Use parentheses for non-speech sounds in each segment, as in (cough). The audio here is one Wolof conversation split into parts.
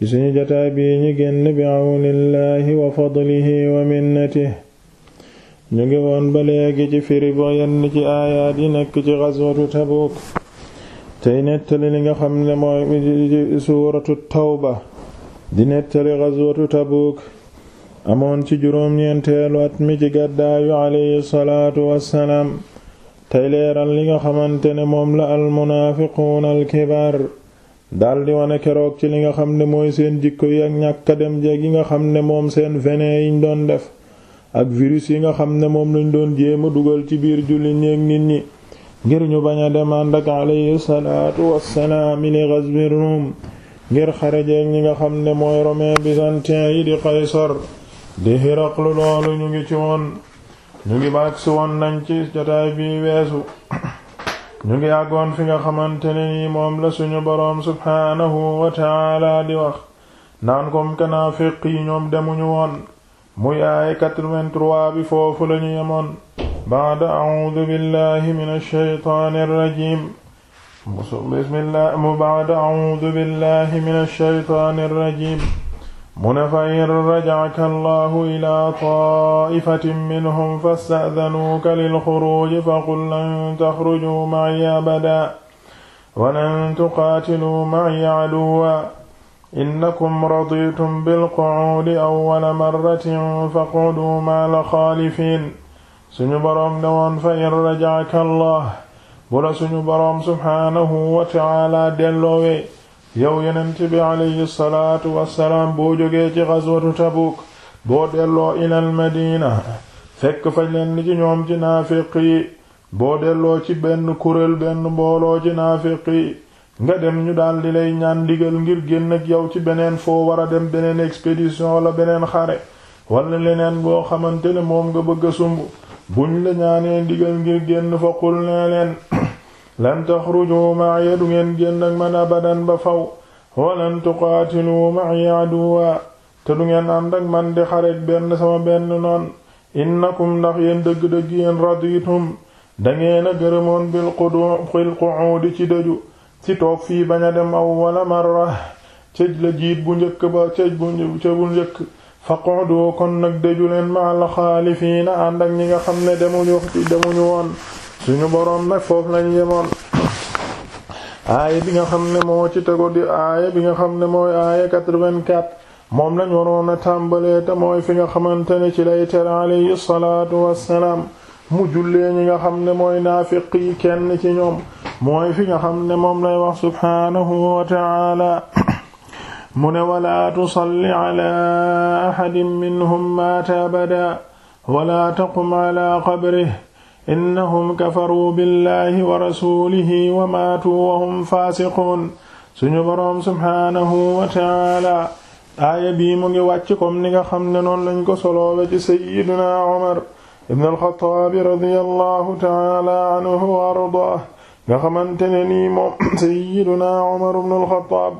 ci suñu jataay bii ñi génn bi àwnillaahi wa fadlihi wa minnatihi ñu ngi woon ba léegi ci firi bo ci aayaat nekk ci gazwatu Tabuuk tey nettali li nga xam ne mooy suuratu Tawba di nettali gazwatu Tabuuk amoon ci juróom-ñeenteelu at mi ci gàddaayu alayhi salaatu wassalaam tey leeral li nga xamante ne moom la almunaafiquuna alkibaar daldi wane keroog ci li nga xam ne mooy seen jikko yi ak ñàkka dem jeeg yi nga xam ne moom seen venin yiñ doon def ak virus yi nga xam ne moom lañ doon jéem a dugal ci biir julli ñeeg nit ñi ngir ñu bañ a dem ànd ak alayhi salaatu ngir xare ñi nga xam ne mooy romain byzantin yi di Qaysar di Hiraqlu loolu ñu ngi ci woon ñu ngi baag si woon nañ ci jotaay bi weesu ñu ngi àggoon fi nga xamante ne nii moom la suñu boroom subhaanahu wa taala di wax naan kom kanaafiq yi ñoom demuñu woon muy aaya 83 bi foofu lañu yemoon baada a'uudu billahi minash shaytaanir rajiim bismillah mu baada a'uudu billahi minash shaytaanir rajiim mu ne fa in rajacaka allahu ila taifatin minhum fasta'danuuka lilxuruuji faqul lan taxrujuu maci abada walan tuqaatiluu maci caduwa innakum raditum bilqucuudi awwala marratin faqcuduu maal xaalifiin suñu boroom ne woon fa in rajacaka allah bu la suñu boroom subxaanahu wa tacaala delloowee yow yeneen bi alayhi salaatu wassalaam boo jógee ci ghazwatu Tabuk boo delloo ilal madina fekk fa leen ci ñoom ci naafiq boo delloo ci benn kuréel benn mbooloo ci naafiq nga dem ñu daldi lay ñaan digal ngir génn ak yow ci beneen foo war a dem beneen expédition la beneen xare wala leneen boo xamante ne moom nga bëgg a sumb buñ la ñaanee digal ngir génn fa qul leen lan taxruju ma'iya du ngeen génn ak man abadan ba faw walan tuqaatilu ma'iya aduwa te du ngeen ànd ak man di xareek benn sama benn noon innakum ndax yéen dëgg-dëgg yéen raditum dangeen a gërëmoon bil qu'uudi ci dëju ci toog fii bañ a dem awwala marra cëj la jiit bu njëkk ba cëj bu njëkk faq'udu kon nag dëju leen ma'al xaalifiina ànd ñi nga xam ne demuñu demuñu woon suñu boroom nag foofu lañ yemoon nga xam ne ci tego di aaya bi nga xam ne mooy aaya 84 moom lañ waroon a tàmbalee mooy fi nga xamante ne ci lay tere alayhi salaatu wassalaam mu jullee ñi nga xam ne mooy naafiq kenn ci ñoom mooy fi nga xam ne moom lay wax subhaanahu wa ta'ala mu ne walaa tusalli ala ahadin minhum maata abada wala taqum ala qabrihi innahum kafaruu billahi wa rasulihi wa maatu wa hum faasiquun suñu boroom subhaanahu wa taala aaya bii mu ngi wàcc comme ni nga xam ne noonu lañ ko soloowe ci sayyidina Umar ibn al-Khattab radiyallahu taala anhu wa ardaah nga xamante ne nii moom (clears throat) sayyidina Umar ibn al-Khattab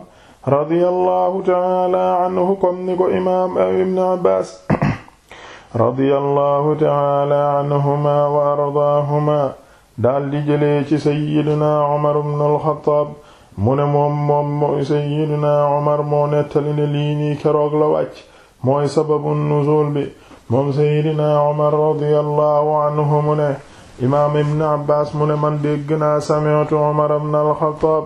radiyallahu taala anhu comme ni ko imaam ibn Abbaas (clears throat) radiyallahu taala anhuma wa ardaahuma daldi jëlee ci sayyidina Umar ibn al-Khattab mu ne moom moom sayyidina Umar moo nettali ne lii nii keroog la wàcc mooy sababu nuzul bi moom sayyidina Umar radiyallahu anhu mu ne imaam ibn Abbaas mu ne man dégg naa sami'tu Umar ibn al-Khattab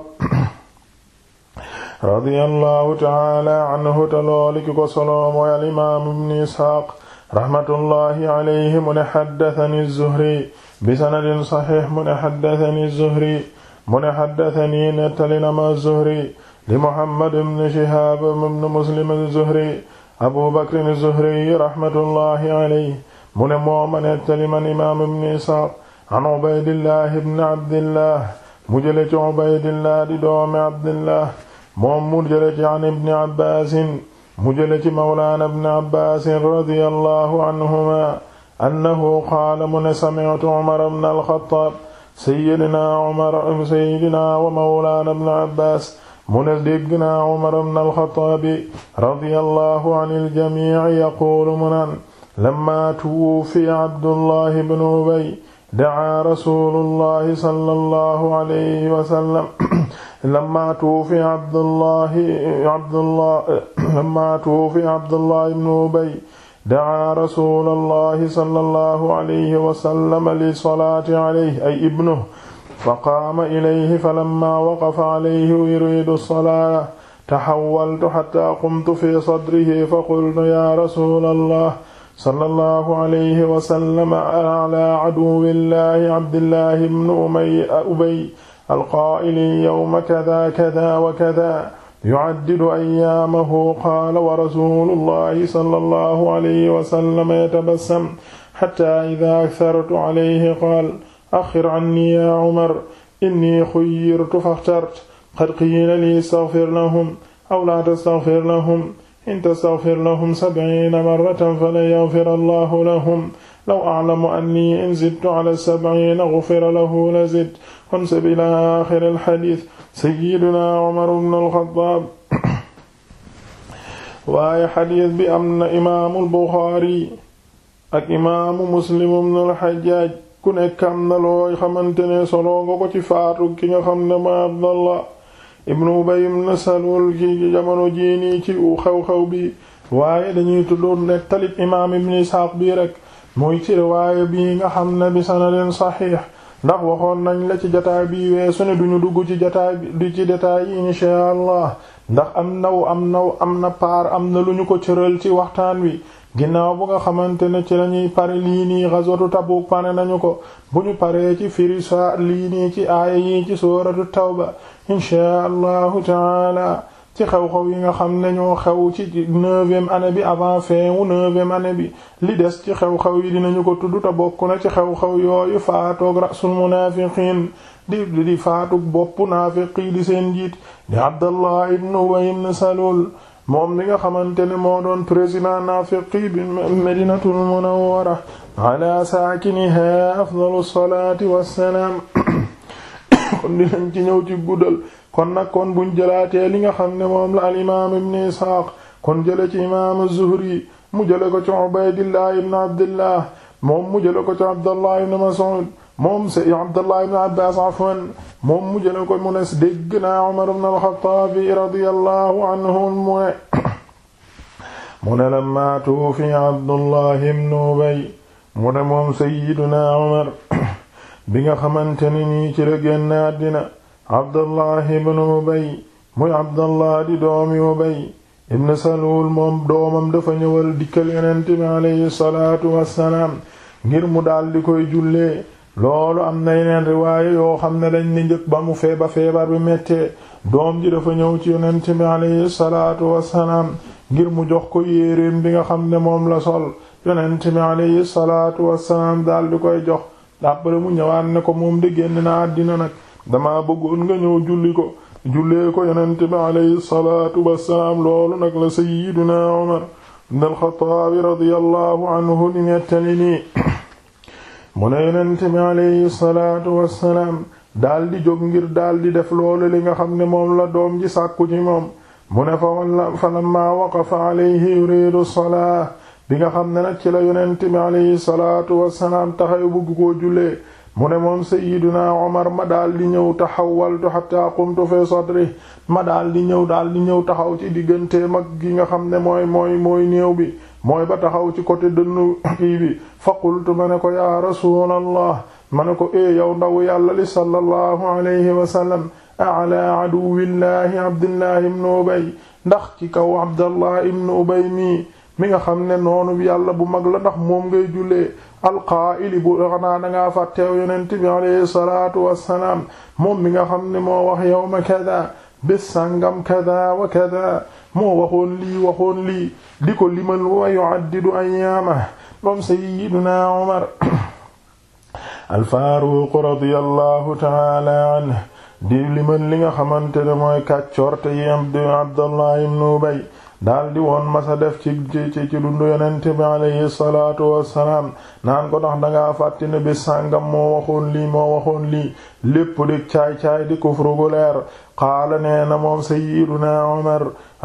radiyallahu taala anhu te loolu ki ko solo mooy al imaam ibn Isxaaq rahmatullahi alayhi mu ne xaddatani zuhri bi sanadin saxiix mu ne xaddatani zuhri mu ne xaddatani nettalinama zuhri di muhammad ibn shihaab ibn muslim zuhri abu bakr zuhri rahmatullahi alayhi mu ne mooma nettaliman imaam ibn isxaaq an ubaydillah ibn abdillah mu jële ci ubaydillah di doomi abdillah moom mu jële ci an ibn abbaasin mu jële ci mawlaana ibn abbaas radiyallahu anhuma annahu qaala mu ne sami'tu umar ibn al-xattaab sayyidina umar sayyidina wa mawlaana ibn abbaas mu ne dégg naa umar ibn al-xattaab radiyallahu anil jamii' yaquulu mu naan lamma tuwuffiya abdullahi ibn ubay da'aa rasuulullahi sallallahu alayhi wa sallam lamma tuufi Abdullahi Abdullahi (coughs) lamma tuufi Abdullahi ibn Ubay da'aa rasuulallahi sallallahu alayhi wa sallam li salaati alayhi ay ibnuhu fa qaama ilayhi falamma waqafa alayhi yuriidu salaata tahawwaltu hattaa qumtu fi sadrihi faqultu yaa rasuulallahi sallallahu alayhi wa sallam alaa aduwwillahi Abdillahi ibn Umayya Ubay alqaa'ili yawma kada kada wa kada yu'addidu ayyaamahu qaala wa rasuulullahi sallallahu alayhi wa sallam yatabassam hattaa idaa akthartu alayhi qaala axir annii yaa Umar innii xuyyirtu faxtartu qad qiila lii istaghfir lahum aw laa tastaghfir lahum in tastaghfir lahum sab'iina marratan falan yaghfira Allahu lahum law a'lamu anni in zidtu ala sab'iina ghufira lahu la zidtu xamsa ila aaxiri al-hadiis sayyidunaa Umar ibn al-Khattaab waaye xadiis bi am na imaamu Buxaari ak imaamu Muslim ibn al-Hajjaaj ku nekk am na loo xamante ne solo nga ko ci faatu ki nga xam ne ma Abdallah ibnu Ubay ibn Salul ji jamono jii nii ci xew-xew bi waaye dañuy tuddoon nekk talib imaam ibn Isxaaq bii rek muy ci riwaaya bii nga xam ne bi sanadin saxiix ndax waxoon nañ la ci jataay bi weesu ne duñu dugg ci jataay bi ci détails yi inchaa allah ndax am naw am naw am na paar am na lu ñu ko cëral ci waxtaan wi ginnaaw bu nga xamante ne ci lañuy pare lii nii ghazwatu Tabuk pare nañu ko bu ñu paree ci firi sa lii nii ci aaya yi ci sooratu tawba inchaa allahu taala ci xew-xew yi nga xam ne ñoo xew ci neuvième année bi avant fin wu neuvième année bi li des ci xew-xew yi dinañu ko tudd te bokk na ci xew-xew yooyu faatoog rasul munafiqin di di faatug boppu naafiqi di seen jiit di Abdallah ibn Ubay ibn Salul moom mi nga xamante ne moo doon président naafiqi bi madinatul munawwara ala saakiniha afdalu salaati wassalaam (coughs) kon dinañ ci ñëw ci guddal kon nag kon buñ jëlaatee li nga xam ne moom la al imaam ibn isxaaq kon jële ci imaam zuhri mu jële ko ci ubaydillah ibn abdillah moom mu jële ko ci abdallah ibn mas'ud moom si Abdullah ibn Abbas afwan moom mu jële ko mu ne dégg naa Umar ibn al-Khattab mu ne mu ne lamma tuufi Abdullah ibn Ubay mu ne moom sayyiduna bi nga xamante ne nii ci la génn àddina Abdullah ibn Ubay muy di doomi Ubay ibn Salul moom doomam dafa ñëwal dikkal Yonent bi alayhi salaatu wassalaam ngir mu daal di koy jullee loolu am na yeneen riwaaya yoo xam ne dañ ni njëkk ba mu feeba feebar bi mettee doom ji dafa ñëw ci yonent bi alayhi salaatu wassalaam ngir mu jox ko yéeréem bi nga xam ne moom la sol yonent bi alayhi salaatu wassalaam daal di koy jox après mu ñëwaat ne ko moom de génn na àddina nag dama bëggoon nga ñëw julli ko jullee ko yonent bi alayhi salaatu wassalaam loolu nag la sayyiduna Umar ibn al-Khattab radiyallahu anhu di nettali nii mu ne yonent bi alayhi salaatu wassalaam daldi jóg ngir di def loolu li nga xam ne moom la doom ji sàkku ci moom mu ne fa walla fa lamma waqafa alayhi yuriidu salaa bi nga xam ne nag ci la yonent bi alayhi salaatu wassalaam taxaw bëgg koo jullee mu ne moom sayyiduna Omar ma daal di ñëw taxawaltu hatta qumtu fi sadri ma daal di ñëw daal di ñëw taxaw ci digganteem ak gi nga xam ne mooy mooy mooy néew bi mooy ba taxaw ci côté dënnu kii bi fa qultu ma ne ko yaa rasulallah ma ne ko e yow ndaw yàlla li sallallahu alayhi wa sallam ala aduwillahi abdillahi ibnu ubay ndax ci kaw abdallah ibnu ubay mii mi nga xam ne noonu yàlla bu mag la ndax moom ngay jullee alqaa'ili bu xanaa dangaa fàtteew yonent bi alayhi salaatu wassalaam moom mi nga xam ne moo wax yawma kada bis sàngam kada wa kada mo waxoon lii waxoon lii di ko limal wa yu'addidu ayyaama moom sayyiduna Umar (coughs) al-Faaruq radiyallahu ta'ala anhu di limal li nga xamante ne mooy kàccoorte yi Abdullah ibn Ubay daal di woon masa def ci ci ci ci dundu yonent bi alayhi salaatu wassalaam naan ko ndax dangaa fàtti ne bi sàngam moo waxoon lii moo waxoon lii lépp di caay-caay di kufru leer qaala nee moom sayyiduna Umar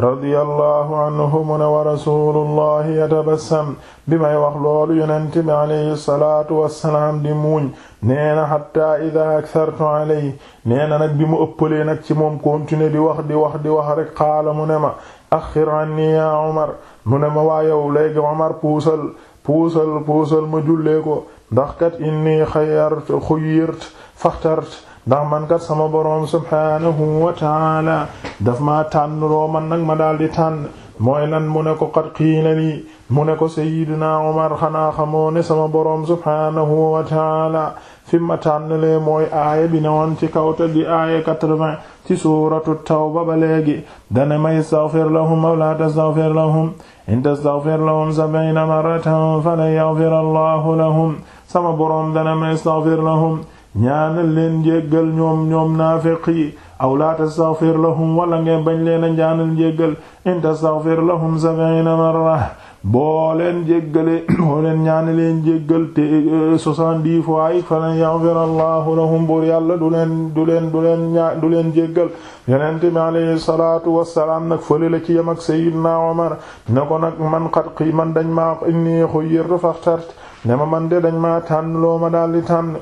radiyallahu anhu mu ne bi may wax loolu yonent bi alayhi salaatu wassalaam di muuñ nee na hatta idha akthartu alayhi nee na nag bi mu ëppalee nag ci moom continuer di wax di wax di wax rek qaala mu ne ma axir anni ya Umar mu ne ma waa yow léegi Umar puusal puusal ma jullee ko ndax kat inni xayyart xuyirt faxtart ndax man kat sama boroom subhaanahu wa taala daf maa tànn loo man nag ma daal di tànn mooy nan mu ne ko qad qiila lii mu ne ko sayyidina Umar xanaa xamoo ne sama boroom subhaanahu wa taala fi ma tànn lee mooy aaya bi ne woon ci kaw te di aaya quatre-vingt ci suuratu tawba ba léegi dane ma istaghfir lahum aw la tastaghfir lahum in tastaghfir lahum sab'iina marratan falan yaghfir allahu lahum sama boroom dane ma istaghfir lahum ñaanal leen jéggal ñoom ñoom naafiq yi aw la tastaghfir lahum wala ngeen bañ leen a ñaanal jéggal in tastaghfir lahum sab'iina marratan boo leen jéggale (clears throat) boo leen ñaane leen jéggal te euh, soixante-dix fois yi falan yaghfir allahu lahum buur yàlla du leen du leen du leen ñaa du leen jéggal yonente bi alayhi salaatu wassalaam nag fële la ci yam ak sayyidina Umar na ko nag man xat xii man dañ maa inni xuyyir faxtart ne ma man de dañ maa tànn loo ma daldi tànn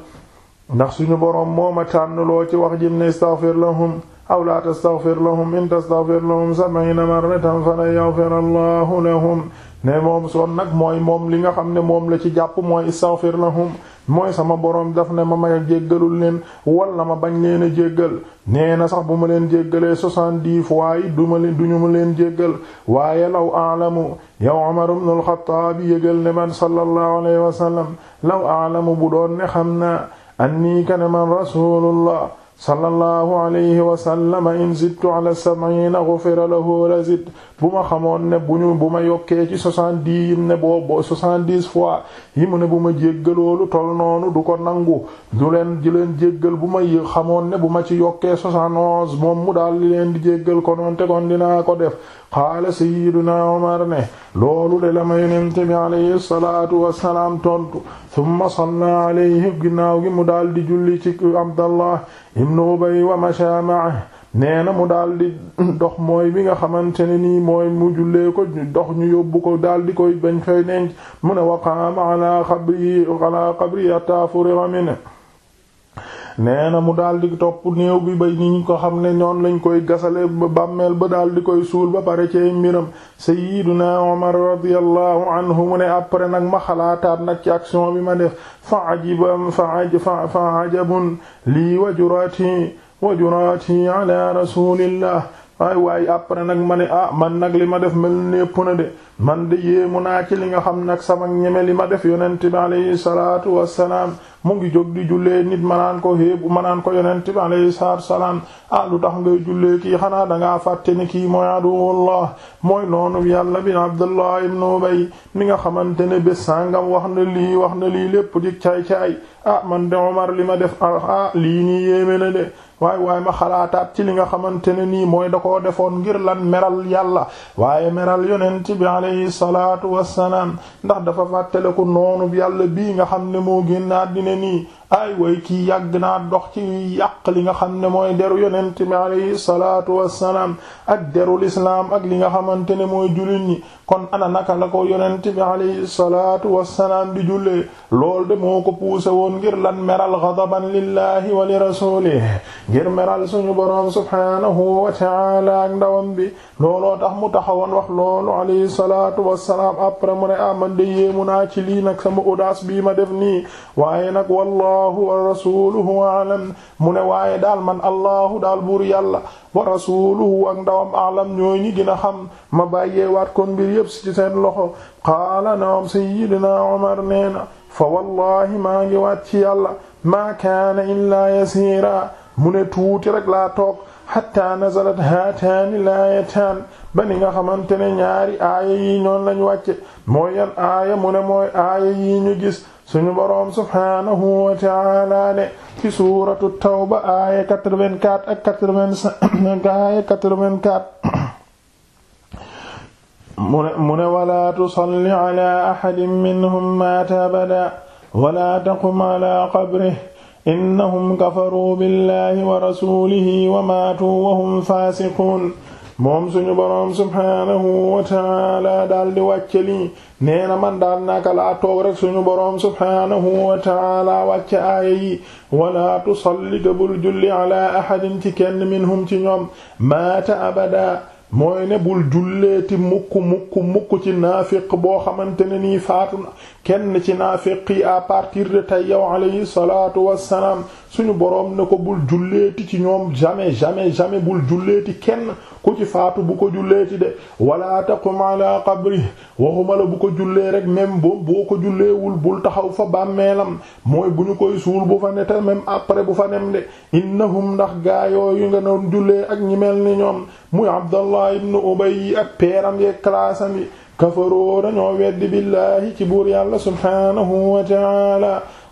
ndax suñu boroom moo ma tànn loo ci wax jim ne istaghfir lahum aw la tastaghfir lahum in tastaghfir lahum sab'iina marratan falan yaghfir allahu lahum ne moom soon nag mooy moom li nga xam ne moom la ci jàpp mooy istaghfir lahum mooy sama boroom daf ne ma may jéggalul leen wala ma bañ leen a jéggal nee na sax bu ma leen jéggalee soixante di fois yi du ma leen duñu ma leen jéggal waaye law aalamu yow Umar ibn al yégal ne man sallallahu alayhi wa sallam law aalamu bu doon ne xam naa annii kana man rasulullah sallallahu alayhi wa sallam in zidtu ala sab'ina ghufira lahu la zid bu ma xamoon ne bu ñu bu ma yokkee ci soixante-dix yim ne boobu soixante-dix fois yi mu ne bu ma jéggaloolu tol noonu du ko nangu du leen di leen jéggal bu ma xamoon ne bu ma ci yokkee soixante-onze moom mu daal di leen di jéggal konoon dinaa ko def qaala sayyiduna Umar ne loolu de la ma yonent bi alayhi salaatu wassalaam tontu summa salla alayhi ginnaaw gi mu daal di julli ci Abdallah ibn Ubay wa masha ma'ahu nee na mu daal di dox mooy bi nga xamante ne nii mooy mu jullee ko dox ñu yóbbu ko daal di koy bañ fay nenc mu ne waqaama ala qabri ala qabri hatta furiga minhu nee na mu daal di topp néew bi ba ni ñu ko xam ne ñoon lañ koy gasale ba bàmmeel ba daal di koy suul ba pare cee mbiram sayyiduna Umar radiyallahu anhu mu ne après nag ma xalaataat nag ci action bi ma def fa ajibam fa ajabun lii wajuraati wajuraati ala rasulillah waay waay après nag ma ne ah man nag li ma def mel népp de man de yéemu naa ci li nga xam nag sama ñeme li ma def yonent bi alayhi salaatu wassalaam mu ngi jóg di jullee nit manaan ko héebu manaan ko yonent bi alayhi salaatu wassalaam ah lu tax ngay jullee kii xanaa danga fàtte ni kii mooy aduwullah mooy noonu yàlla bi Abdullah ibn Ubay mi nga xamante ne bés sàngam wax na lii wax na lii lépp di caay-caay ah man de Omar li ma def ah lii nii yéeme na de waaye waaye ma xalaataat ci li nga xamante ne nii mooy da koo defoon ngir lan meral yàlla alayhi salaatu wassalaam ndax dafa fàttaliku noonu yàlla bii nga xam ne moo génn àddina nii ay way kii yàgg naa dox ci yàq li nga xam ne mooy deru yonent bi alayhi salaatu wassalaam ak deru lislaam ak li nga xamante ne mooy jullit ñi kon ana naka la ko yonent bi alayhi salaatu wassalaam di jullee lool de moo ko puuse woon ngir lan meral ghadaban lillahi wa li rasulihi ngir meral suñu boroom subhaanahu wa ta'ala ak ndawam bi looloo tax mu taxawoon wax loolu alayhi salaatu wassalaam après mu ne amande ah, yéemu naa ci lii nag sama audace bi ma def nii waaye allahu wa rasuluhu alam mu ne waaye daal man allahu daal buur yàlla wa rasuluhu ak ndawam alam ñoo ñi gën a xam ma bàyyee wat kon mbir yépp ci seen loxo qaala naam sayyidina Umar nee na fa wallahi maa ngi waat ci yàlla maa kaana illaa yasiira mu ne tuuti rek laa toog hatta nazalat haataani laayataan ba ni nga xamante ne ñaari aaya yi ñoon lañ wàcce mooy aaya mu mooy aaya yi ñu suñu boroom subhaanahu wa ta'ala ne ci suuratu tawba aaya 84 ak 85 (coughs) aaya 84 mu ne mu ne walaa tusalli ala ahadin minhum maata abada walaa taqum ala qabrihi innahum kafaruu billahi wa rasuulihi wa maatuu wa hum faasiquun moom suñu boroom subhaanahu wa taala daal di wàcce lii nee man daal naka laa toog rek suñu boroom subhaanahu wa taala wàcce aaya yi walaa tusallita bul julli ala ahadin ci kenn minhum ci ñoom maata abada mooy ne bul julleeti mukk mukk mukk ci naafiq boo xamante ne nii faatu kenn ci naafiq yi à partir de tey yow alayhi salaatu wassalaam suñu boroom ne ko bul ti ci ñoom jamais jamais jamais bul ti kenn ku ci faatu bu ko julleeti de wala taqum ala qabri waxuma la bu ko jullee rek même boobu boo ko julleewul bul taxaw fa bàmmeelam mooy bu ñu koy suul bu fa ne te même après bu fa nem de innahum ndax gaayooyu nga doon jullee ak ñi mel ni ñoom muy Abdallah ibn Ubay ak peeram yeeg claasam yi kafaroo dañoo weddi billaahi ci buur yàlla subhaanahu wa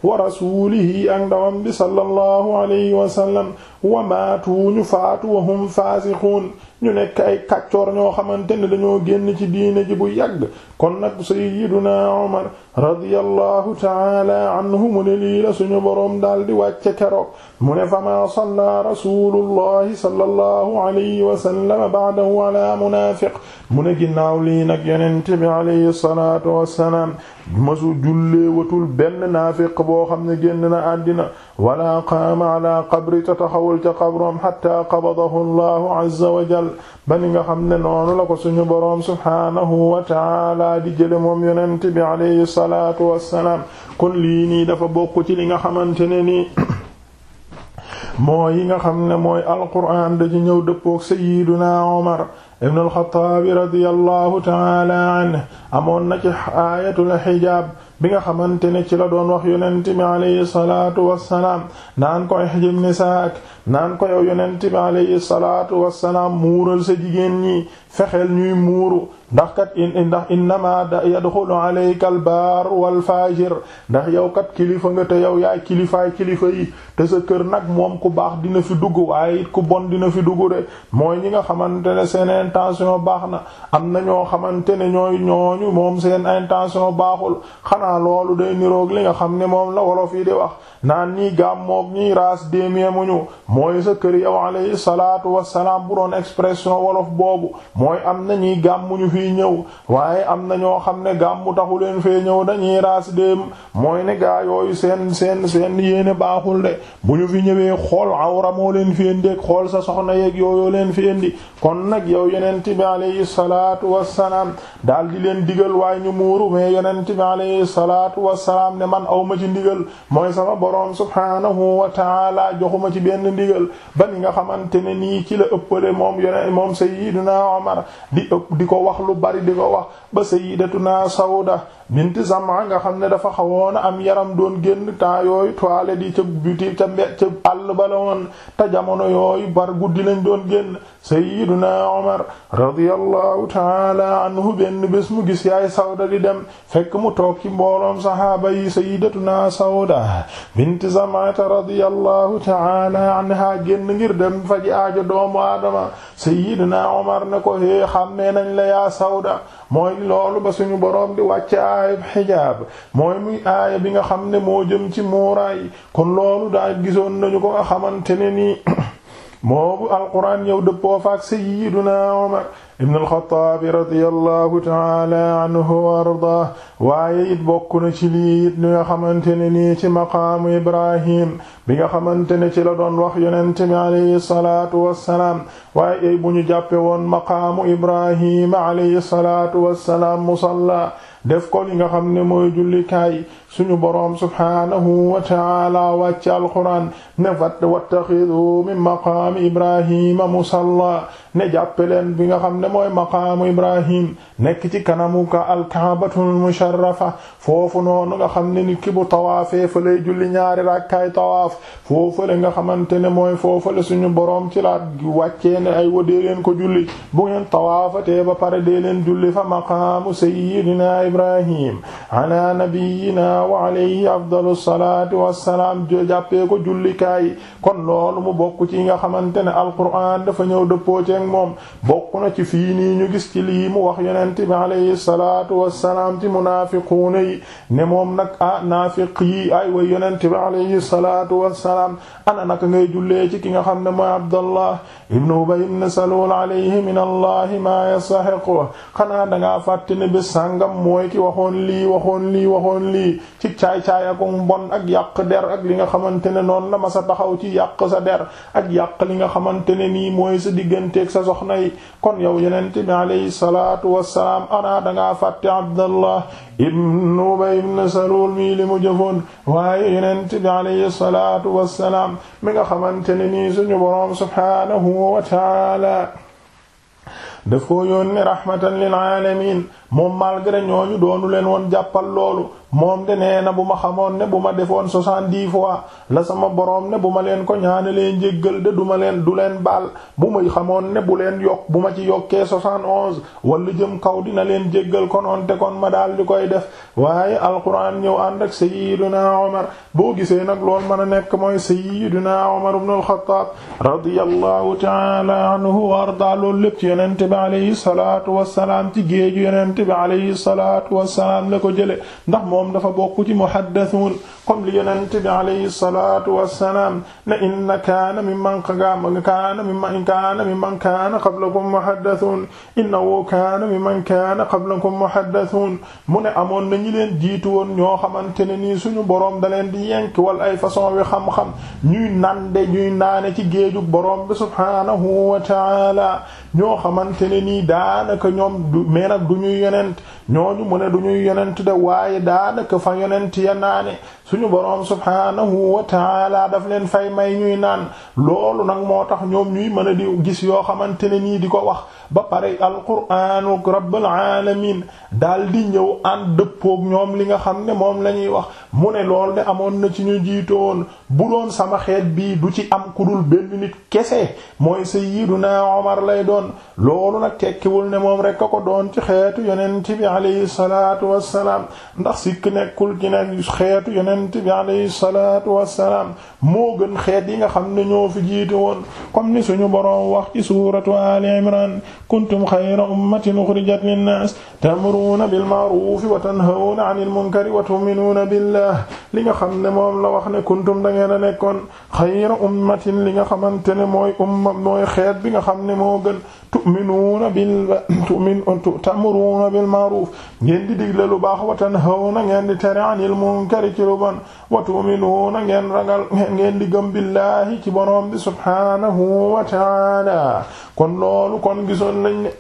wa rasuulihi ak ndawam bi sallallahu alayhi wa sallam wa ñu faatu wa faasiquun ñu nekk ay kàccoor ñoo xamante ne dañoo génn ci diine ji bu yàgg kon nag sayyiduna Umar radiyallahu ta'ala anhu mu ne lii la suñu boroom daal di wàcce keroog mu ne famaa salla rasulullahi sallallahu alayhi wa sallam ba'dahu ala munaafiq mu ne ginnaaw lii nag yonent bi alayhi salaatu wassalaam masu julleewatul benn naafiq boo xam ne génn na àddina wala qaama ala qabri ta taxawul ca qabrom hatta qabadahu allahu azza wa jalla ba ni nga xam ne noonu la ko suñu boroom subhaanahu wa taala di jële moom yonent bi alayhi salaatu wassalaam kon lii nii dafa bokk ci li nga xamante ne nii (coughs) moo yi nga xam ne mooy alquraan da ci ñëw dëppook sayyiduna Umar ibn al-Khattab radiyallahu ta'ala anhu amoon na ci aayatul xijaab bi nga xamante ne ci la doon wax yonent bi alayhi salaatu wassalaam naan ko ihjib nisaak naan ko yow yonent bi alayhi salaatu wassalaam muural sa jigéen ñi fexeel ñuy muuru ndax kat ndax innama yadxulu alayka al baar wal faajir ndax yow kat kilifa nga te yow yaay kilifaay kilifa yi te sa kër nag moom ku baax dina fi dugg waaye it ku bon dina fi dugg rek mooy ñi nga xamante ne seen intention baax na am na ñoo xamante ne ñooy ñooñu moom seen intention baaxul xanaa loolu day niroog li nga xam ne moom la wolof yi di wax naan ñii gàmmoog ñii raas déemeemuñu mooy sa kër yow alayhi salaatu wassalaam bu doon expression wolof boobu mooy am na ñuy gàmmuñu fii ñëw waaye am na ñoo xam ne gàmmu taxu leen fee ñëw dañuy raas dem mooy ne gaa yooyu seen seen seen yéene baaxul de bu ñu fi ñëwee xool awra moo leen fi indi xool sa soxna yeeg yooyu leen fi indi kon nag yow yonent bi alayhi salaatu wassalaam daal di leen digal waaye ñu muuru mais yonent bi alayhi salaatu wassalaam ne man awma ci ndigal mooy sama boroom subhaanahu wa ta'ala joxuma ci benn ndigal ba ni nga xamante ne nii ci la ëppale moom yoneen moom sayyidina Umar di ëpp di ko wax lu bari di ko wax ba sayyidatuna Sawda binti Zam'a nga xam ne dafa xawoon am yaram doon génn temps yooyu toilette di ca buti ca be ca àll ba la woon te jamono yooyu bar guddi lañ doon génn sayyiduna Umar radiyallahu taala anhu benn bés mu gis yaay Sawda di dem fekk mu toog ci mbooloom sahaaba yi sayyidatuna Sawda binti Zam'a radiyallahu taala anha génn ngir dem faji aajo doomu aadama sayyiduna Umar ne ko hee xammee nañ la yaa Sawda mooy loolu ba suñu boroom di wàcc aayab xijaab mooy muy aaya bi nga xam ne moo jëm ci muuraay kon loolu daal gisoon nañu ko nga xamante ne nii (coughs) moobu alquran ñëw dëppoo faak sayyiduna Umar ibn alxataabi radiallahu taala anhu wa ardah waaye it bokk na ci lii it li nga xamante ne nii ci maqaamu ibrahim bi nga xamante ne ci la doon wax yonente bi alayhi salaatu wassalaam waaye ay bu ñu jàppe woon maqaamu ibrahima alayhi salaatu wassalaam musalla def ko li nga xam ne mooy jullikaay suñu borom subhaanahu wa ta'ala wàcc alquran ne fat wattaxidu min maqaami ibrahima musalla ne jàppeleen bi nga xam ne mooy maqaamu ibrahim nekk ci kanamu ka alkaabatul musharrafa foofu noonu nga xam ne nit ki bu tawaafee fa lay julli ñaari rakkaay tawaaf foofale nga xamante ne mooy foofale suñu borom ci laat wàccee ne ay wa dee ko julli bu ngeen tawaafatee ba pare dee julli fa maqaamu sayyidina Ibrahim ala nabiyyina wa alayhi afdalu salaatu wassalaam jàppee ko jullikaay kon loolu mu bokk ci nga xamante ne alquraan dafa ñëw dëppoo ceeg moom bokk na ci fii nii ñu gis ci lii mu wax yonent bi alayhi salaatu wassalaam ci munaafiquuna yi ne moom nag ah naafiq ay way yonent bi alayhi salaatu wassalaam ana naka ngay jullee ci ki nga xam ne mooy Abdallah ibn Ubay ibn Salul alayhi min Allah ma yasahiqu xanaa dangaa fàtte ne bi sàngam mooy mooy waxoon lii waxoon lii waxoon lii ci caay-caay ak mbon ak yàq der ak li nga xamante ne noon la ma sa taxaw ci yàq sa der ak yàq li nga xamante ne nii mooy sa digganteeg sa soxna yi kon yow yonent bi alayhi salaatu wassalaam ana dangaa fàtte Abdallah ibn Ubay ibn Salul mii li mu jëfoon waaye yonent bi alayhi salaatu wassalaam mi nga xamante ne nii suñu boroom subhaanahu wa ta'ala daf ko lil aalamiin moom malgré ñooñu doonu leen woon jàppal loolu moom de nee bu ma xamoon ne bu ma defoon soixante di fois la sama boroom ne bu ma leen ko ñaanalee njéggal de du ma leen du leen baal bu ma xamoon ne bu leen yokk bu ma ci yokkee soixante-onze wala jëm kaw dina leen jéggal konoon te kon ma daal di koy def waaye alquran ñëw ànd ak sayyiduna Umar boo gisee nag lool mën a nekk mooy sayyiduna Umar ibn al-Khattab radiyallahu ta'ala anhu wa arda loolu lépp ci yonente bi alayhi salatu bi alayhi salaatu wasalaam la ko jële ndax moom dafa bokk ci muhaddasuun comme li yonent bi alayhi salaatu wasalaam ne inna kaana mimman kaana mimman kaana mimman kaana qablakum muhaddasuun innahu kaana mimman kaana qablakum muhaddasuun mu ne amoon nañu leen jiitu woon ñoo xamante ne nii suñu boroom da leen di yenk wal ay façon wi xam-xam ñuy nande ñuy naane ci géeju boroom bi subhaanahu wa ta'ala ñoo xamante ne nii daanaka ñoom du mais yonent ñooñu mu ne du ñuy yonent de waaye daanaka fa yonent ya naane suñu boroom subhaanahu wa taala daf leen fay may ñuy naan loolu nag moo tax ñoom ñuy mën a di gis yoo xamante ne nii di ko wax ba pare alquranu rabbul alamin daal di ñëw ànd dëppook ñoom li nga xam ne moom la ñuy wax mu ne lool de amoon na ci ñu jiitoon bu doon sama xeet bii du ci am ku dul benn nit kese mooy sayyiduna Umar lay doon loolu nag tekkiwul ne moom rek a ko doon ci xeetu yonent bi alayhi salaatu wassalaam ndax sikk nekkul ci ne xeetu yonent bi alayhi salaatu wassalaam moo gën xeet yi nga xam ne ñoo fi jiitu woon comme ni suñu boroom wax ci suuratu Ali Imran kuntum xayra ummatin uxrijat linnaas tamuruuna bil ma'ruufi wa tanhawna 'anil munkari wa tu'minuuna billah li nga xam ne moom la wax ne kuntum da ngeen a nekkoon xayra ummatin li nga xamante ne mooy umma mooy xeet bi nga xam ne moo gën tu'minuuna bil tu'min ta'muruuna bil ma'ruuf ngeen di digle lu baax wa tanhawna ngeen di tere anil munkari ci lu bon wa tu'minuuna ngeen ragal ngeen di gëm billaahi ci boroom bi subhaanahu wa ta'aala kon loolu kon gisoon lañ ne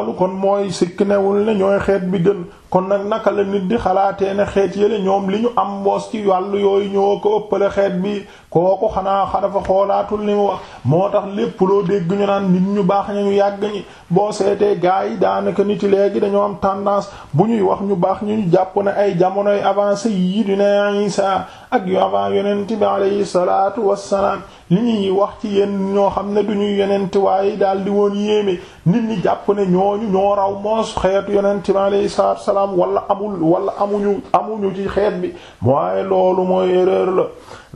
(coughs) kon mooy sikk ñooy xeet bi gën kon nag naka la nit di xalaatee na xeet yële ñoom li ñu am mboos ci wàllu yooyu ñoo ko ëppale xeet bi kooku xanaa xadafa xoolaatul li mu wax moo tax lépp loo dégg ñu naan nit ñu baax ñu yàgg ñi boo seetee gars yi daanaka nit yi léegi dañoo am tendance bu ñuy wax ñu baax ñu ñu ne ay jamonoy avancé yi dina Isa ak yu avant yonent bi alayhi salaatu wassalaam li ñuy wax ci yéen ñoo xam ne du ñuy yonent waaye daal di woon yéeme nit ñi jàpp ne ñooñu ñoo raw moos xeetu yonent bi alayhi salaatu salaam wala amul wala amuñu amuñu ci xeet bi mooy loolu mooy erreur la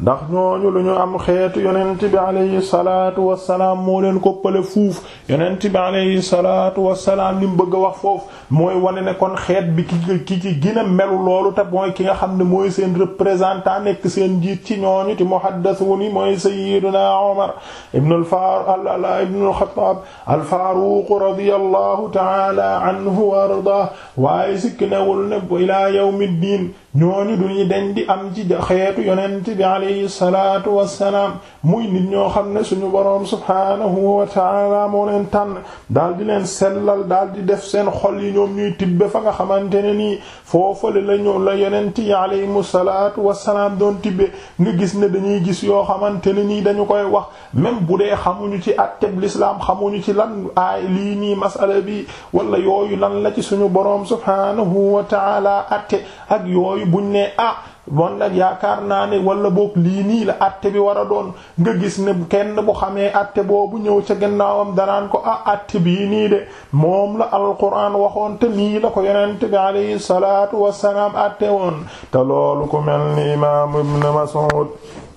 ndax ñooñu lu ñu am xeetu yonent bi alayhi salaatu wassalaam moo leen koppale fuuf yonent bi alayhi salaatu wassalaam li mu bëgg a wax foofu mooy wane ne kon xeet bi ki ki ci melu loolu te mooy ki nga xam ne mooy seen représentant nekk seen jiit ci ñooñu ti muhaddasuun yi mooy sayyiduna Umar al-Faruq ibn al-Khattab al-Faruq radiyallahu ta'ala anhu wa ardaah waaye sikki newul ne ilaa yawmi diin ñooñu duñu deñ di am ci xeetu yonent bi alayhi salaatu wassalaam muy nit ñoo xam ne suñu boroom subhaanahu wa ta'ala moo leen tànn daal di leen sellal daal di def seen xol yi ñoom ñuy tibbe fa nga xamante ne nii foofale la ñoo la yonent yi alayhimu salaatu wassalaam doon tibbe nga gis ne dañuy gis yoo xamante ne nii dañu koy wax même bu dee xamuñu ci atteb lislaam xamuñu ci lan aay lii nii masala bi wala yooyu lan la ci suñu boroom subhaanahu wa ta'ala atte ak yooyu yooyu buñ ne a ah, bon nag yaakaar naa ne wala boog lii nii la atte bi war a doon nga gis ne kenn bu xamee atte boobu ñëw ca gannaawam danaan ko a ah, atte bi nii de moom la alquran waxoon te nii la ko yonent bi alayhi salaatu wassalaam atte woon te loolu ku mel ni imaam ibn Mas'ud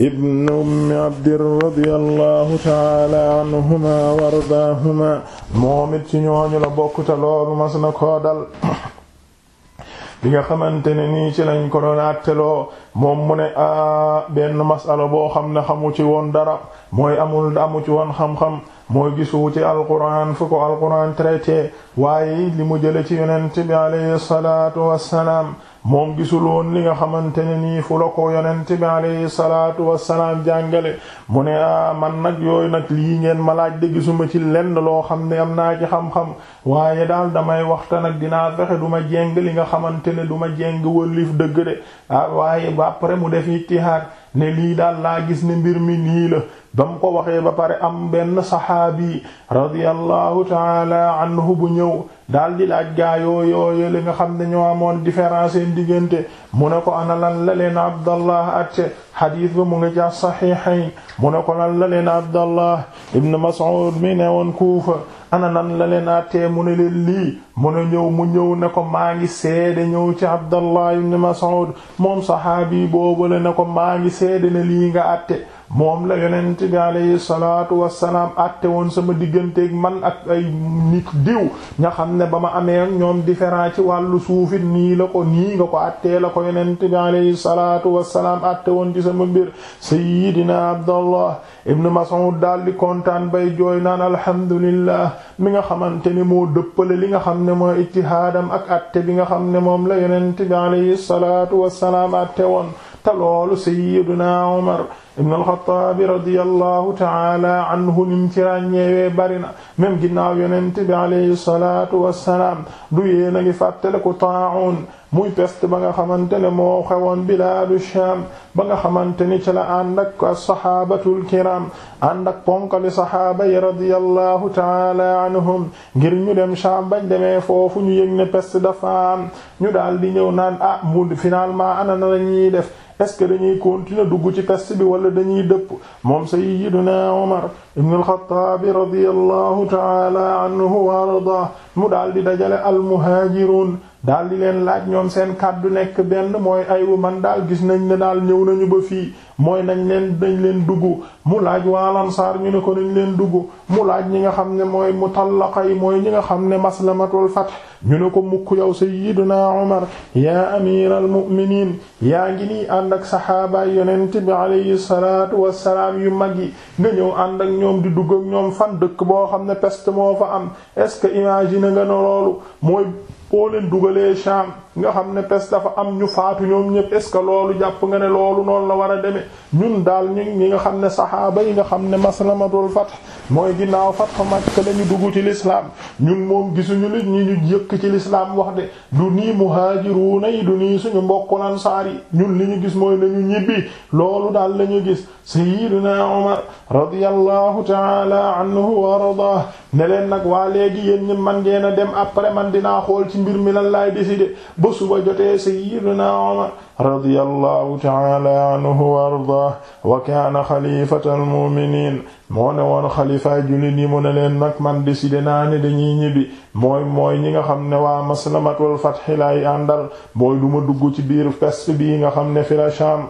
ibn ummi abdir radiyallahu taala anhuma wardaahuma moom ci ñooñu la bokk te loolu mas na dal bi nga xamante ne nii ci lañ ko doon atteloo moom mu ne a ah, benn masala boo xam ne xamu ci woon dara mooy amul amu ci woon xam-xam mooy gisu ci alquran fu ko alquran traité waaye li mu jële ci yonent bi alayhi salaatu wassalaam moom gisuloon li nga xamante ne nii fu la ko yonent bi alayhi salaatu wassalaam jàngale mu ne a ah, man nag yooyu nag lii ngeen ma laaj de gisuma ci lenn loo xam ne am naa ci xam-xam waaye daal damay waxta nag dinaa fexe du ma jéng li nga xamante ne du ma jéng wëlif dëgg de ah, waaye ba après mu def ittihaad ne lii daal laa gis ne mbir mi nii la ba mu ko waxee ba pare am benn saxaabi radiyallahu taala anhu bu ñëw daal di laaj gaa yoo yoo nga xam ne ñoo amoon différence seen diggante mu ne ko ana lan la leen Abdallah atte xadiis ba mu ngi jaax saxiixayn mu ne ko lan la leen Abdallah ibn Mas'ud mi ne woon Kuufa ana nan la leen attee mu ne leen lii mu ne ñëw mu ñëw ne ko maa ngi seede ñëw ci Abdallah ibn Mas'ud moom saxaabi boobu ne ko maa ngi seede ne lii nga atte moom la yonent bi alayhi salaatu wassalaam àtte woon sama digganteeg man ak ay nit diw nga xam ne ba ma amee ñoom différent ci wàllu suufit nii la ko nii nga ko àttee la ko yonent bi alayhi salaatu wassalaam àtte woon ci sama mbir sayyidina Abdallah ibn Mas'ud daal di kontaan bay jooy naan alhamdulillah mi nga xamante ni moo dëppale li nga xam ne mooy ijtihaadam ak àtte bi nga xam ne moom la yonent bi alayhi salaatu wassalaam àtte woon te loolu sayyiduna Umar ibn al-Khattab radiyallahu ta'ala anhu nim ci ràññeewee bari na même ginnaaw yonent bi alayhi salaatu wassalaam du yéen a ngi muy peste ba nga xamante ne moo xewoon bilaadu Shaam ba nga xamante ni ci la ànd ak saxaabatul kiram ànd ak ponkali saxaaba yi radiyallahu ta'ala anhum ngir ñu dem Shaam bañ demee foofu ñu yëg ne peste dafa am ñu daal di ñëw naan ah mu finalement ana na la ñuy def est-ce que dañuy continuer dugg ci peste bi wala dañuy dëpp moom sayyiduna Umar ibn al-Khattab radiyallahu ta'ala anhu wa arda mu daal di dajale al daal di leen laaj ñoom seen kàddu nekk benn mooy ay aywu man daal gis nañ ne daal ñëw nañu ba fii mooy nañ leen nañ leen dugg mu laaj waa lansaar ñu ne ko nañ leen dugg mu laaj ñi nga xam ne mooy mutallaqa yi mooy ñi nga xam ne maslamatul fath ñu ne ko mukk yow sayyiduna Umar yaa amiral mu'miniin yaa ngi nii ànd ak saxaabaa yonent bi alayhi salaatu wassalaam yu mag yi nga ñëw ànd ak ñoom di dugg ak ñoom fan dëkk boo xam ne peste moo fa am est ce que imagine nga ne loolu mooy boo leen dugalee Sham nga xam ne pes dafa am ñu faatu ñoom ñëpp est ce que loolu jàpp nga ne loolu noonu la war a demee ñun daal ñu ñi nga xam ne saxaaba yi nga xam ne maslamatul fath mooy ginnaaw fath Makka lañu dugg ci l'islam ñun moom gisuñu li ñi ñu yëkk ci lislaam wax de du nii mu muhaajiruuna yi du nii suñu mbokku ansaar yi ñun li ñu gis mooy nañu ñibbi loolu daal la ñu gis sayyidina Umar radiyallahu ta'ala anhu wa ardaah ne leen nag waa léegi yéen ñi man ngeen a dem après man dinaa xool ci mbir mi lan laay décider ba suba jotee sayyidina Umar radiyallahu ta'ala anhu wa wa kaana xalifatal mu'miniin moo ne woon xalifa jullit yi mu ne nag man décidé naa ne dañuy ñibbi mooy mooy ñi nga xam ne waa maslamatul fath lay àndal mooy duma dugg ci biir peste bii nga xam ne fi Shaam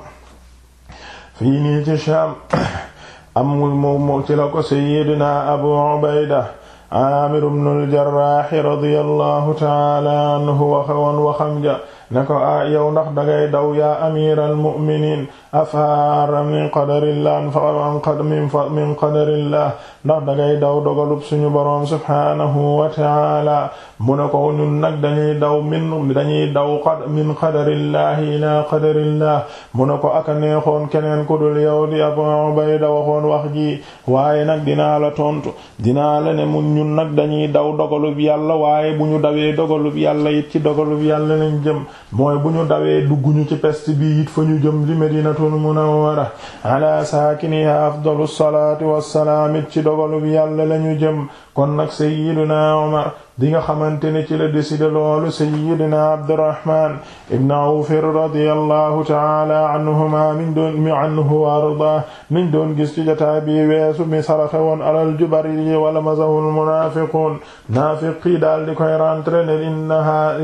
fii nii ci Shaam (coughs) amul moom ci la ko sayyidina Abu Ubayda Aamir ibn al-Jarrah radiyallahu ta'ala anhu waxoon waxam ja ne ko a ah, yow ndax dangay daw yaa amiral mu'minin afaara min qadarillah min qadarillah ndax dangay daw dogalub suñu boroom subhaanahu wa taala mu ne ko ñun nag dañuy daw min dañuy daw qad min qadarillahi ila qadarillah mu ne ko aka neexoon keneen ku dul yow di Abu Ubayda waxoon wax ji waaye nag dinaa la tontu dinaa la ne mun ñun nag dañuy daw dogalub yàlla waaye bu ñu dawee dogalub yàlla it ci dogalub yàlla lañ jëm mooy bu ñu dawee dugguñu ci peste bi it fa ñu jëm li Madinatul Munawwara ala saakiniha afdalus salaatu wassalaam dogalub yàlla lañu jëm kon nag sayyiduna di nga xamante ne ci la décidé loolu sayyidina Abdurrahman ibn Awf radiyallahu ta'ala anhuma min doon mi anhu wa arda min doon gis ci jotaay bi weesu mi saraxe woon alal ju bari yi wala mazahul munaafiqun naafiqi daal di koy rentré ne inna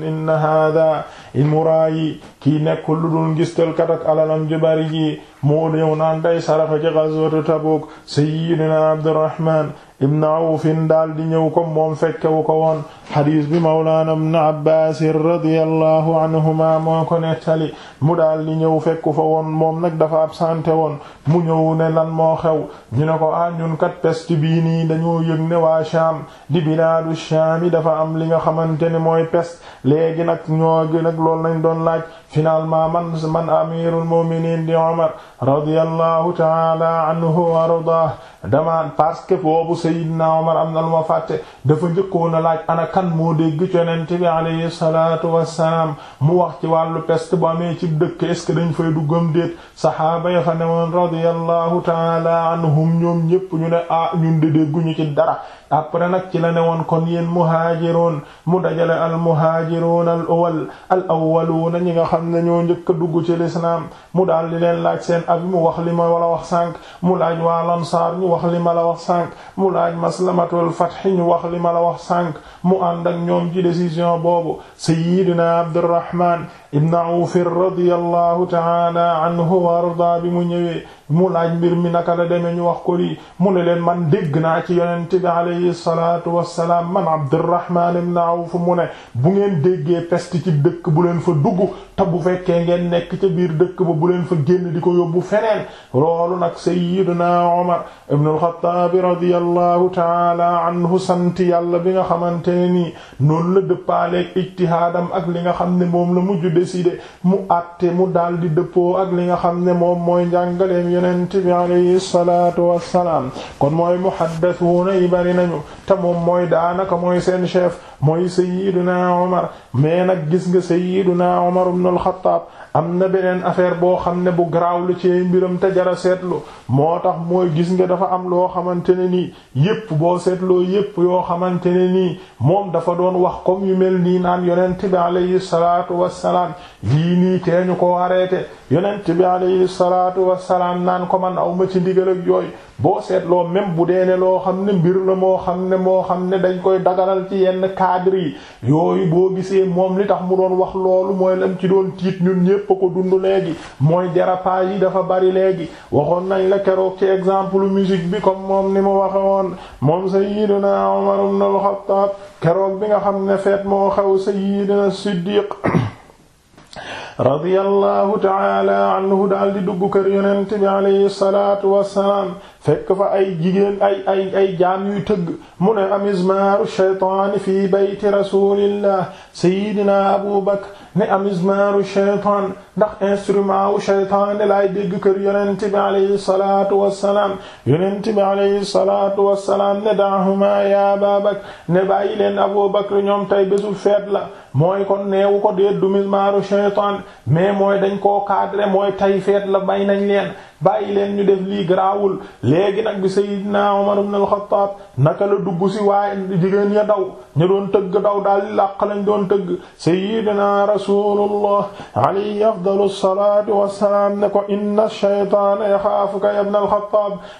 inna hada in muraayi kii nekkul lu dul ngistalkat ak alalam ju bari yi moo ñëw naan day saraxe ci ghazwatu Tabuk sayyidina Abdurrahman ibn awfin daal di ñëw ko moom fekkewu ko woon xadiis bi mawlaana ibn abbaas radiyallahu anhuma moo ko nettali mu daal di ñëw fekku fa woon moom nag dafa absenté woon mu ñëw ne lan moo xew ñu ne ko ah ñun kat peste bii nii dañoo yëg ne waa Shaam di bilaadu Shaam dafa am li nga xamante ne mooy peste léegi nag ñoo gi nag loolu lañ doon laaj finalement man man amirul mu'minin di Umar radiyallahu ta'ala anhu wa ardah dama parce que boobu Seydina Umar am na lu ma fàtte dafa njëkkoon a laaj ana kan moo dégg yonent bi alayhi salaatu wassalaam mu wax ci wàllu peste bu amee ci dëkk est ce que dañ fay duggam déet saxaaba ya fa newoon radiyallahu ñoom ñépp ñu ne ah ñun de dara après nak ci la ne woon kon yéen muhaajiroon mu dajale al muhaajiroon al awal al awwaluuna ñi nga xam ne ñoo njëkk a dugg ci lislaam mu daal di leen laaj seen abi mu wax li ma la wax sànq mu laaj waa lansaar ñu wax li ma la wax sànq mu laaj maslamatul fath ñu wax li ma la wax sànq mu ànd ak ñoom ci décision boobu sayyidina Abdurrahman ibn Awf radiyallahu taala anhu wa arda bi mu ñëwee mu laaj mbir mi naka la demee ñu wax ko lii mu ne leen man dégg naa ci yonent bi alayhi salaatu wassalaam man Abdurrahman ibn Awf mu ne bu ngeen déggee peste ci dëkk bu leen fa dugg te bu fekkee ngeen nekk ca biir dëkk ba bu leen fa di ko yóbbu feneen loolu nag sayyidina Umar ibn al-Khattab radiyallahu taala anhu sant yàlla bi nga xamante ne nii noonu la dëppaaleeg ijtihaadam ak li nga xam ne moom la mujj décider mu àtte mu daldi dëppoo ak li nga xam ne moom mooy njàngaleem yonent bi alayhi salaatu wassalaam kon mooy muhaddasuuna yi bari nañu te moom mooy daanaka mooy seen chef mooy sayyiduna Umar mais nag gis nga sayyiduna Umar ibn al-Khattab am na beneen affaire boo xam ne bu garaaw la ci mbiram te jara seetlu moo tax mooy gis nga dafa am loo xamante ne nii yépp boo seetloo yépp yoo xamante ne nii moom dafa doon wax comme yu mel nii naan yonent bi alayhi salaatu wassalaam lii nii tee ñu ko arrêté yonent bi alayhi salaatu wassalaam naan ko man aw ma ci ndigal ak yooyu boo seetloo même bu dee ne loo xam ne mbir la moo xam ne moo xam ne dañ koy dagalal ci yenn cadre yi yooyu boo gisee moom li tax mu doon wax loolu mooy lañ ci doon tiit ñun ñépp ñépp léegi mooy dérapage yi dafa bari léegi waxoon nañ la keroog ci exemple musique bi comme moom ni mu waxe woon moom sayyidina Umar na al-Khattab keroog bi nga xam ne feet moo xaw sayyidina Siddiq (coughs) radiyallahu ta'ala anhu daal di dugg kër yonent bi alayhi salaatu wassalaam fekk fa ay jigéen ay ay ay jaam yu tëgg mu ne am izmaaru shaytaani fii bayti rasulillah sayidina abu bakr ne am izmaaru shaytaan ndax instrument wu shaytaan laay dégg kër yonent bi alayhi salaatu wassalaam yonent bi alayhi salaatu wassalaam ne dahuma ya aba ne bàyyi leen abu bakr ñoom tey bésu feet la mooy kon neewu ko déet du mizmaaru shaytaan mais mooy dañ koo cadré mooy tey feet la bay nañ leen bàyyi leen ñu def lii garaawul léegi nag bi Seydina Umar ibn al-Khattab naka la dugg si waaye jigéen ya daw ñu doon tëgg daw daal di làq lañ doon tëgg Seydina Rasulullah alayhi afdalu salaatu wassalaam ne ko inna shaytaana yaxaafuka ya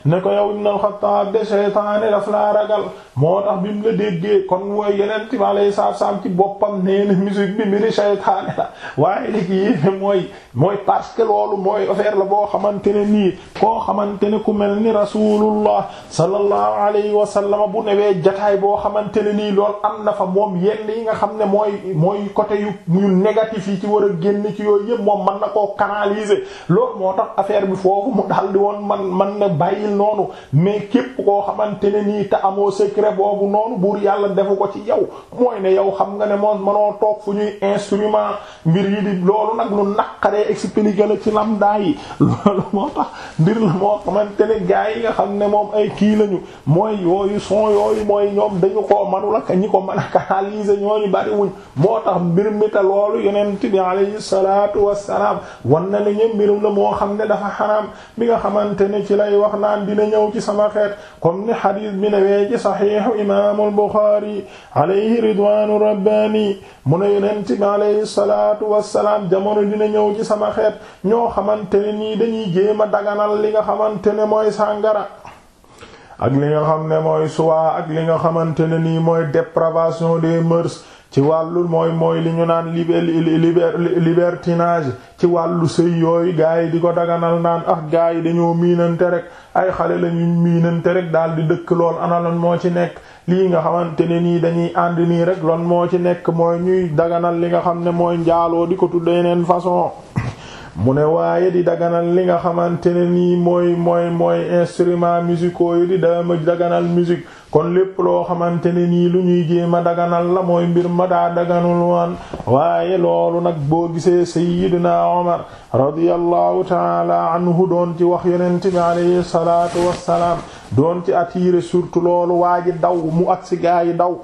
ne ko yow ibn al-Khattab de shaytaane daf laa ragal moo tax bi mu la déggee kon mooy yeneen ci alayhi salaam ci boppam nee na musique bi mbiri shaytaane la waaye léegi mooy mooy parce loolu mooy affaire la boo xamante ne nii koo xamante ne ku mel ni rasulullah sallallahu alayhi wa sallam bu newee jataay boo xamante ne nii lool am na fa moom yenn yi nga xam ne mooy mooy côté yu yu négatif yi ci war a génn ci yooyu yëpp moom man na koo canaliser loolu moo tax affaire bi foofu mu daldi woon man man na bàyyil noonu mais képp koo xamante ne nii te amoo secret boobu noonu buur yàlla defu ko ci yow mooy ne yow xam nga ne moo mënoo toog fu ñuy instrument mbir yi di loolu nag lu naqaree expliquer (laughs) sax mbir la moo xamante ne gaa yi nga xam ne moom ay kii lañu mooy yooyu son yooyu mooy ñoom dañu ko manul ak ñi ko mën a canaliser ñooñu bari wuñ moo tax mbir mi te loolu yonent bi alayhi salaatu wassalaam wan na ne ñu mbirum la moo xam ne dafa xaraam bi nga xamante ne ci lay wax naan dina ñëw ci sama xeet comme ni xadiis bi a ci saxiixu imaamul Buxaari alayhi ridwaanu rabbaani mu ne yonent bi alayhi salaatu wassalaam jamono dina ñëw ci sama xeet ñoo xamante ne nii daganal li nga xamante ne mooy sàngara ak li nga xam ne mooy suwaa ak li nga xamante ne nii mooy dépravation des mœurs ci wàllu mooy mooy li ñu naan libertinage ci wàllu sëy yooyu gaa yi di ko daganal naan ak ah, gaa yi dañoo miinante rek ay xale lañu miinante rek daal di dëkk lool ana lan moo ci nekk lii nga xamante ne nii dañuy ànd nii rek lan moo ci nekk mooy ñuy daganal li nga xam ne mooy njaaloo di ko tudde yeneen façon mu ne waaye di daganal li nga xamante ne nii mooy mooy mooy instruments musicaux yi di dama daganal musique kon lépp loo xamante ne nii lu ñuy jéem a daganal la mooy mbir ma daa daganul waan waaye loolu nag boo gisee sayyidina Umar radiyallahu taala anhu doon ci wax yonent bi alayhi salaatu wassalaam doon ci attirer surtout loolu waa ji daw mu agsi gaa yi daw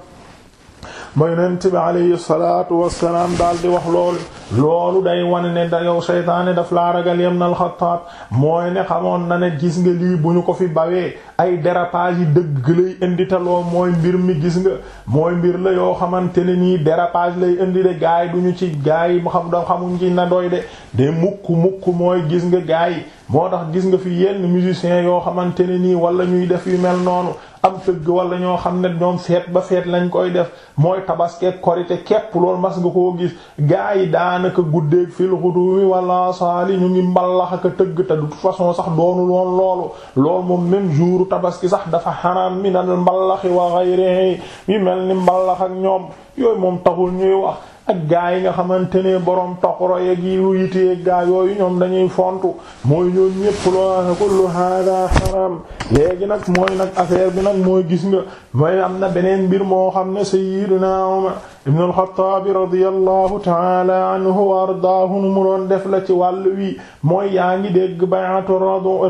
ma yonent bi alayhi salaatu wassalaam daal di wax loolu loolu day wane ne da yow seytaane daf la ragal yam na alxataab mooy ne xamoon na ne gis nga lii bu ñu ko fi bawee ay dérapage yi dëgg lay indi taloo mooy mbir mi gis nga mooy mbir la yoo xamante ne nii dérapage lay indi de gaay ñu ci gaay yi xam da xamuñ ci na doy de de mukk mukk mooy gis nga gaay moo tax gis nga fi yenn musiciens yoo xamante ne nii wala ñuy def yu mel noonu am fëgg wala ñoo xam ne ñoom feet ba feet lañ koy def mooy tabaskeeg korite képp loolu mas nga koo gis gaa yi daanaka guddeeg fil xudu wala saali ñu ngi mballax ak a tëgg te de toute façon sax doonu loolu lool moom même jour tabaski sax dafa xaraam mi na mballaxi wa xayri yi mel ni mbalax ak ñoom yooyu moom taxul ñuy wax ak gaa yi nga xamante ne borom toqoro yeeg yi wuyiteeg gaa yooyu ñoom dañuy fontu mooy ñoom ñépp loo kullu hada haram léegi nag mooy nag affaire bi nag mooy gis nga mooy am na beneen mbir moo xam ne sayyiduna Umar ibn alxataabi radiallahu taala anhu wa ardaahu nu mu doon def la ci wàll wi mooy yaa ngi dégg bayatu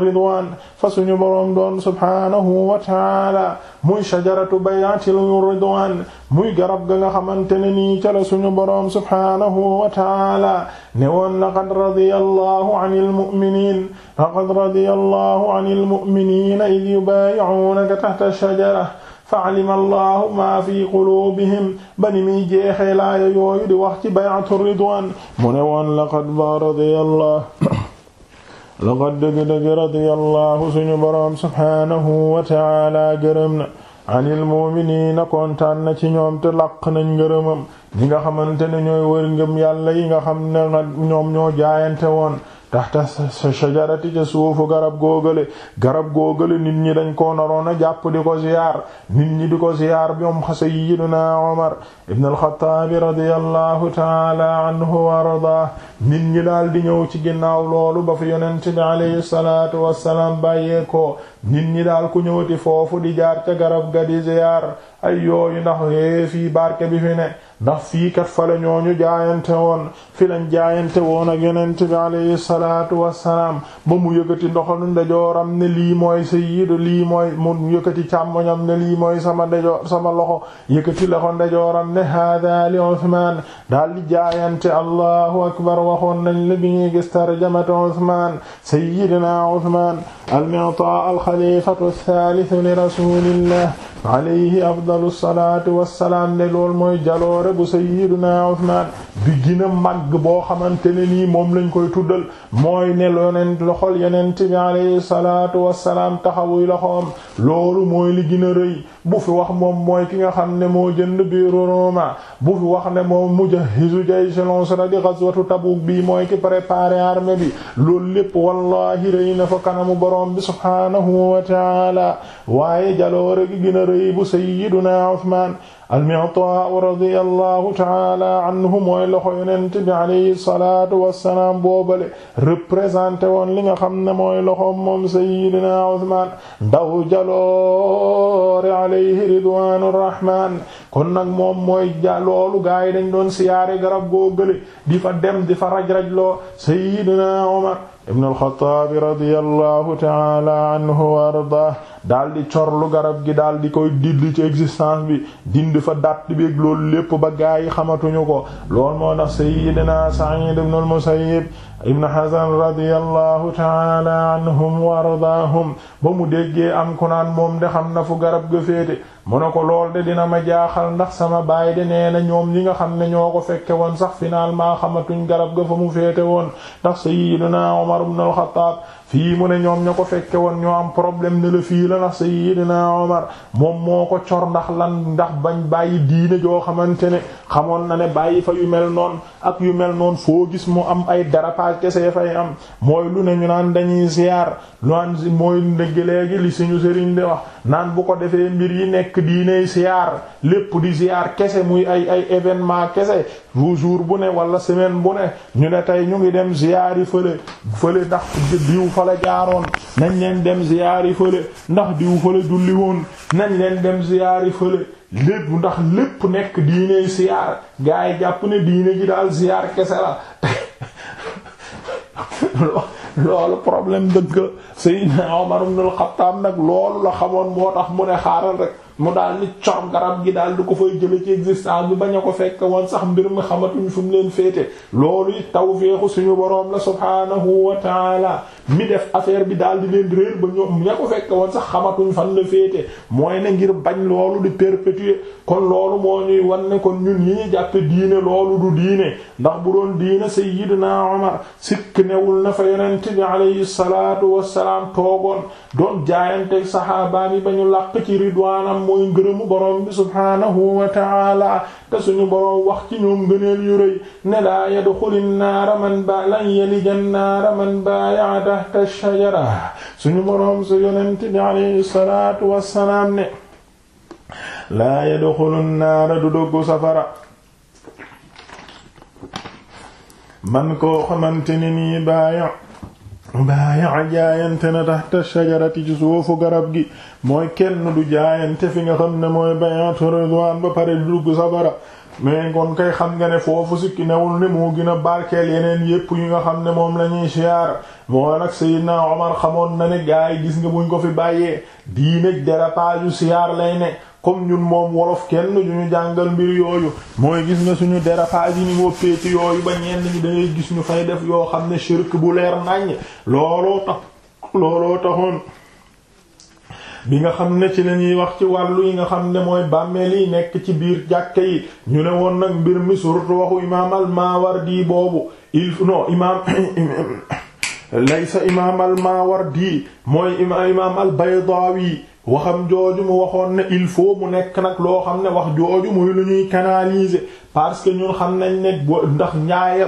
ridwaan fa suñu boroom doon subhaanahu wa taala muy shajaratu bayatil ridwaan muy garab ga nga xamante ne nii ca la suñu boroom subhaanahu wa taala ne woon laqad radiyallahu anil mu'miniin laqad radiyallahu anil mu'miniina idh yubaayi'uunaka tahta shajara fa'alima allahu ma fi quluubihim ba ni muy jeexee laaya yooyu di wax ci bay'atu ridwaan mu ne woon laqad ba radiyallahu laqad dëgg-dëgg radiyallahu suñu boroom subhaanahu wa ta'aala gërëm na anil mu'miniina kontaan na ci ñoom te laq nañ ngërëmam ñi nga xamante ne ñooy wër ngëm yàlla yi nga xam ne ñoom ñoo jaayante woon taxta shajarati ca suufu garab googale garab googale nit ñi dañ ko naroon a jàpp di ko ziyaar nit ñi di ko ziyaar bi moom sayyidina Umar ibn al-Khattab radiyallahu ta'ala anhu wa ardaah nit ñi daal di ñëw ci ginnaaw loolu ba fi yonent bi alayhi salaatu wassalaam bàyyee ko nit ñi daal ku ñëwati foofu di jaar ca garab ga ziyaar ay yooyu ndax hee fii barke bi fi ne ndax fii kat fa la ñooñu jaayante woon fi lañ jaayante woon ak yonent bi alayhi salaatu wassalaam ba mu yëkkati ndoxalu ndejooram ne lii mooy sayyidu lii mooy mu yëkkati càmmoñam ne lii mooy sama ndejoor sama loxo yëkkati loxo ndejooram ne haada li Usmaan daal di jaayante allahu akbar waxoon nañ la bi ñuy gis tarjamatu Usmaan sayyidina Usmaan al-mi'taa al-xaliifatu as-saalis li rasuulillah alayhi afdalu salaatu wassalaam ne lool mooy jaloore bu sayyiduna Usmaan bi gën a màgg boo xamante ne nii moom lañ koy tuddal mooy ne yonent loxol yeneen bi alayhi salaatu wassalaam taxawuy loxoom loolu mooy li gën rëy bu fi wax moom mooy ki nga xam ne moo jënd biiru Roma bu fi wax ne moom mujahhizu jayshil usra di ghazwatu Tabuk bi mooy ki préparé armée bi loolu lépp wallahi rëy na fa kanamu borom bi subhaanahu wa taala waaye jaloore gi gën a rëy bu sayyiduna almi'taa radiyallahu taala anhu mooy loxo yonent bi alayhi salaatu wassalaam boobale représenté woon li nga xam ne mooy loxo moom sayyidina Usmaan ndaw jaloore alayhi ridwaanu rahmaan kon nag moom mooy ja loolu gaa yi dañ doon siyaare garab googale di fa dem di fa raj-raj loo sayyidina Umar ibn al-Xattaab radiyallahu taala anhu wa ardaa daal di corlu garab gi daal di koy didd ci existence bi dind fa datt bi lool lépp ba gaa yi xamatuñu ko loolu moo tax sayyidina Sa'id ibn al-Musayyib ibn Hazan radiyallahu ta'ala anhum wa ardaahum ba mu déggee am ku naan moom de xam na fu garab ga féete mu ne ko lool de dina ma jaaxal ndax sama baay de nee ñoom ñi nga xam ne ñoo ko fekke woon sax finalement xamatuñ garab ga fa mu féete woon ndax sayyidina Umar ibn al fii mu ne ñoom ña ko fekke woon ñoo am problème ne la fii la ndax dina Omar moom moo ko cor ndax lan ndax bañ bàyyi diine joo xamante ne xamoon na ne bàyyi fa yu mel noonu ak yu mel noonu foo gis mu am ay dérapage kese fay am mooy lu ne ñu naan dañuy ziar lu naan mooy ndëgg léegi li suñu sëriñ di wax naan bu ko defee mbir yi nekk diine ziar lépp di ziar kese muy ay ay événement kese jour bu ne wala semaine bu ne ñu ne tey ñu ngi dem ziar yi fële fële fa la jaaroon nañ leen dem ziyaari fële ndax diw fële julli woon nañ leen dem ziyaari fële lépp ndax lépp nekk diine ziyaar gaa yi jàpp ne diine ji daal ziyaar kese la (laughs) loolu problème dëgg Seydina Omar ibn al-Khattab nag loolu la xamoon moo tax mu ne xaaral rek mu daal di cor garab gi daal di ko fay jële ci existence bi bañ a ko fekk woon sax mbir mi xamatuñ fu mu leen féete loolu it tawféexu suñu boroom la subhaanahu wa taala mi def affaire bi daal di leen réer ba ñoom ña ko fekk woon sax xamatuñ fan la féete mooy ne ngir bañ loolu di perpétuer kon loolu moo ñuy wan ne kon ñun yi ñu jàppe diine loolu du diine ndax bu doon diine sayyidina Umar sikk newul na fa yonent bi alayhi salaatu wassalaam toogoon doon jaayanteeg saxaabaan yi ba ñu làq ci ridwaanam mooy ngërëmu borom bi subhaanahu wa te suñu borom wax ci ñoom ne laa yadxulin naara man ba lan yalijan man baaya tahta suñu borom su yonent bi laa yadxulun naara du dugg safara baayaa jaayante na taxta shajarati ci suufu garab gi mooy kenn du jaayante fi nga xam ne mooy bayaatu ridwaan ba pare dugg safara mais kon kay xam nga ne foofu sikki newul ne moo gën a barkeel yeneen yépp yi nga xam ne moom la ñuy siyaar moo nag Seydina Omar xamoon na ne gaay gis nga buñ ko fi bàyyee diine dérapage u siyaar lay comme ñun moom wolof kenn du ñu jàngal mbir yooyu mooy gis na suñu dérapage yi ni nga péeti yooyu ba ñenn ñi dangay gis ñu fay def yoo xam ne shirk bu leer naññ looloo tax looloo taxoon bi nga xam ne ci la ñuy wax ci wàllu yi nga xam ne mooy bàmmeel yi nekk ci biir jàkke yi ñu ne woon nag mbir mi surtout waxu imaam al-Mawardi boobu il non imaam (coughs) laysa imaam al mooy imaam al waxam jooju mu waxoon ne il faut mu nekk nag loo xam ne wax jooju muy lu ñuy canaliser parce que ñun xam nañ ne ndax ñaaya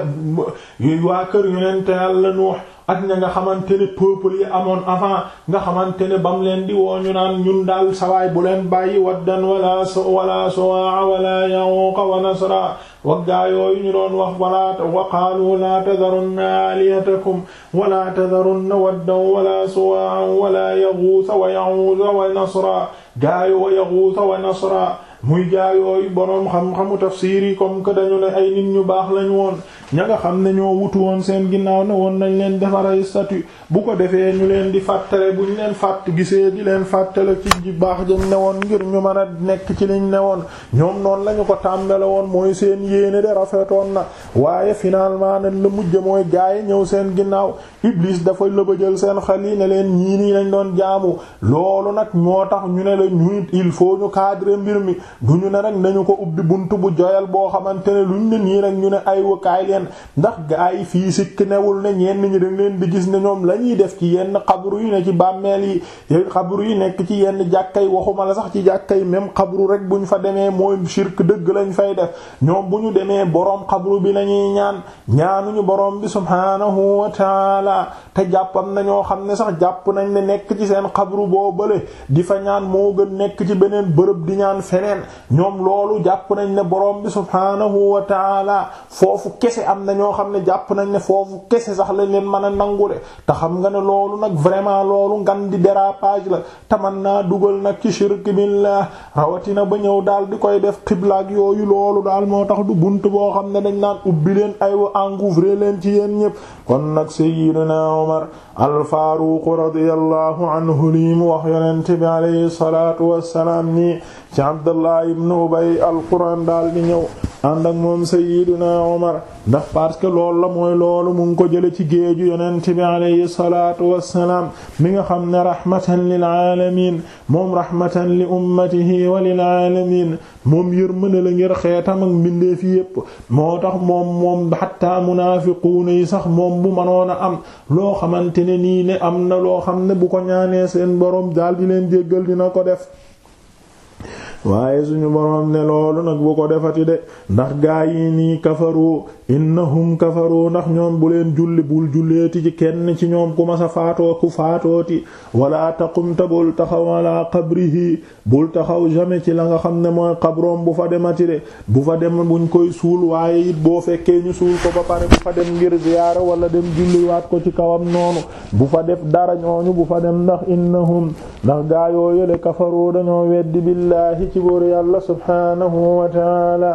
waa kër yonente Yàlla Nuux ak ña nga xamante ne peuples yi amoon avant nga xamante ne bam leen di woo ñu naan ñun daal sawaay bu leen bàyyi waddan wala wala suwaa wala yaquqa wa nasra waggaa yooyu ñu doon wax wala wa qaalu laa tadarunna alihatakum wala tadarunna waddan wala suwaa wala yaguusa wa yaquusa wa nasra gaayu wa yaguusa wa nasra muy gaayooyu boroom xam-xamu tafsiir yi comme que dañu ne ay nit ñu baax lañu woon ña nga xam ne ñoo wutu woon seen ginnaaw ne woon nañ leen defaray statut bu ko defee ñu leen di fàttale bu ñu leen fàtt gisee di leen fàttale ci ji baax jëm ne woon ngir ñu mën a nekk ci liñ ne woon ñoom noonu lañu ko tàmbale woon mooy seen yéene de rafetoon na waaye maa nañ la mujj mooy gaay ñëw seen ginnaaw Iblis dafa lëbëjal seen xel yi ne leen ñii nii lañ doon jaamu loolu nag ñoo tax ñu ne la ñu il faut ñu cadrer mbir mi du ne rek nañu ko ubbi buntu bu joyal boo xamante ñu ne ay wakaay leen ndax gaa yi fii sikk newul ne ñenn ñi dañ leen di gis ne ñoom la ñuy def ci yenn xabru yi ne ci bàmmeel yi xabru yi nekk ci yenn jàkkay waxuma la sax ci jàkkay même xabru rek bu ñu fa demee mooy shirk dëgg lañu fay def ñoom bu ñu demee boroom xabru bi lañuy ñaan ñaanuñu boroom bi subhaanahu wa taala te jàppam na ñoo xam ne sax jàpp nañ ne nekk ci seen xabru boo bële di fa moo gën nekk ci beneen bërëb di ñaan feneen ñoom loolu jàpp nañ boroom bi subhaanahu wa foofu kese am na ñoo xam ne jàpp nañ ne foofu kese sax lañ leen mën a nangu de te xam nga ne loolu nag vraiment loolu ngan di dérapage la te man naa dugal nag ci shirk la rawatina ba ñëw daal di koy def xiblaak yooyu loolu daal moo tax du bunt boo xam ne dañ naan ubbi leen ay wa encouvrer leen ci yéen ñëpp kon nag sayyidina Umar al-Faaruq radiyallahu anhu lii mu wax yonent bi alayhi salaatu wassalaam nii ci Abdallah ibn Ubay al-Quran daal di ñëw ànd ak moom sayyidina Umar ndax parce que loolu la mooy loolu mu ngi ko jële ci géeju yonent bi alayhi salaatu wassalaam mi nga xam ne rahmatan lil aalamiin moom rahmatan li ummatihi wa lil aalamiin moom yërmande la ngir xeetam ak mbindeef yépp moo tax moom moom xatta munaafiquuna yi sax moom bu mënoon a am loo xamante ne nii ne am na loo xam ne bu ko ñaanee seen boroom daal di leen jéggal dina ko def waaye suñu boroom ne loolu nag bu ko defati de ndax gaa yi nii kafaru innahum kafaru ndax ñoom bu leen julli bul julleeti ci kenn ci ñoom ku masa faatoo ku faatooti wala taqumta bul taxaw xabri qabrihi bul taxaw jamais ci la nga xam ne mooy xabroom bu fa demati de bu fa dem buñ koy suul waaye it boo fekkee ñu suul ko ba pare bu fa dem ngir ziyaara wala dem julliwaat ko ci kawam noonu bu fa def dara ñooñu bu fa dem ndax innahum ndax yoo yële ci buur yàlla subhaanahu wa taala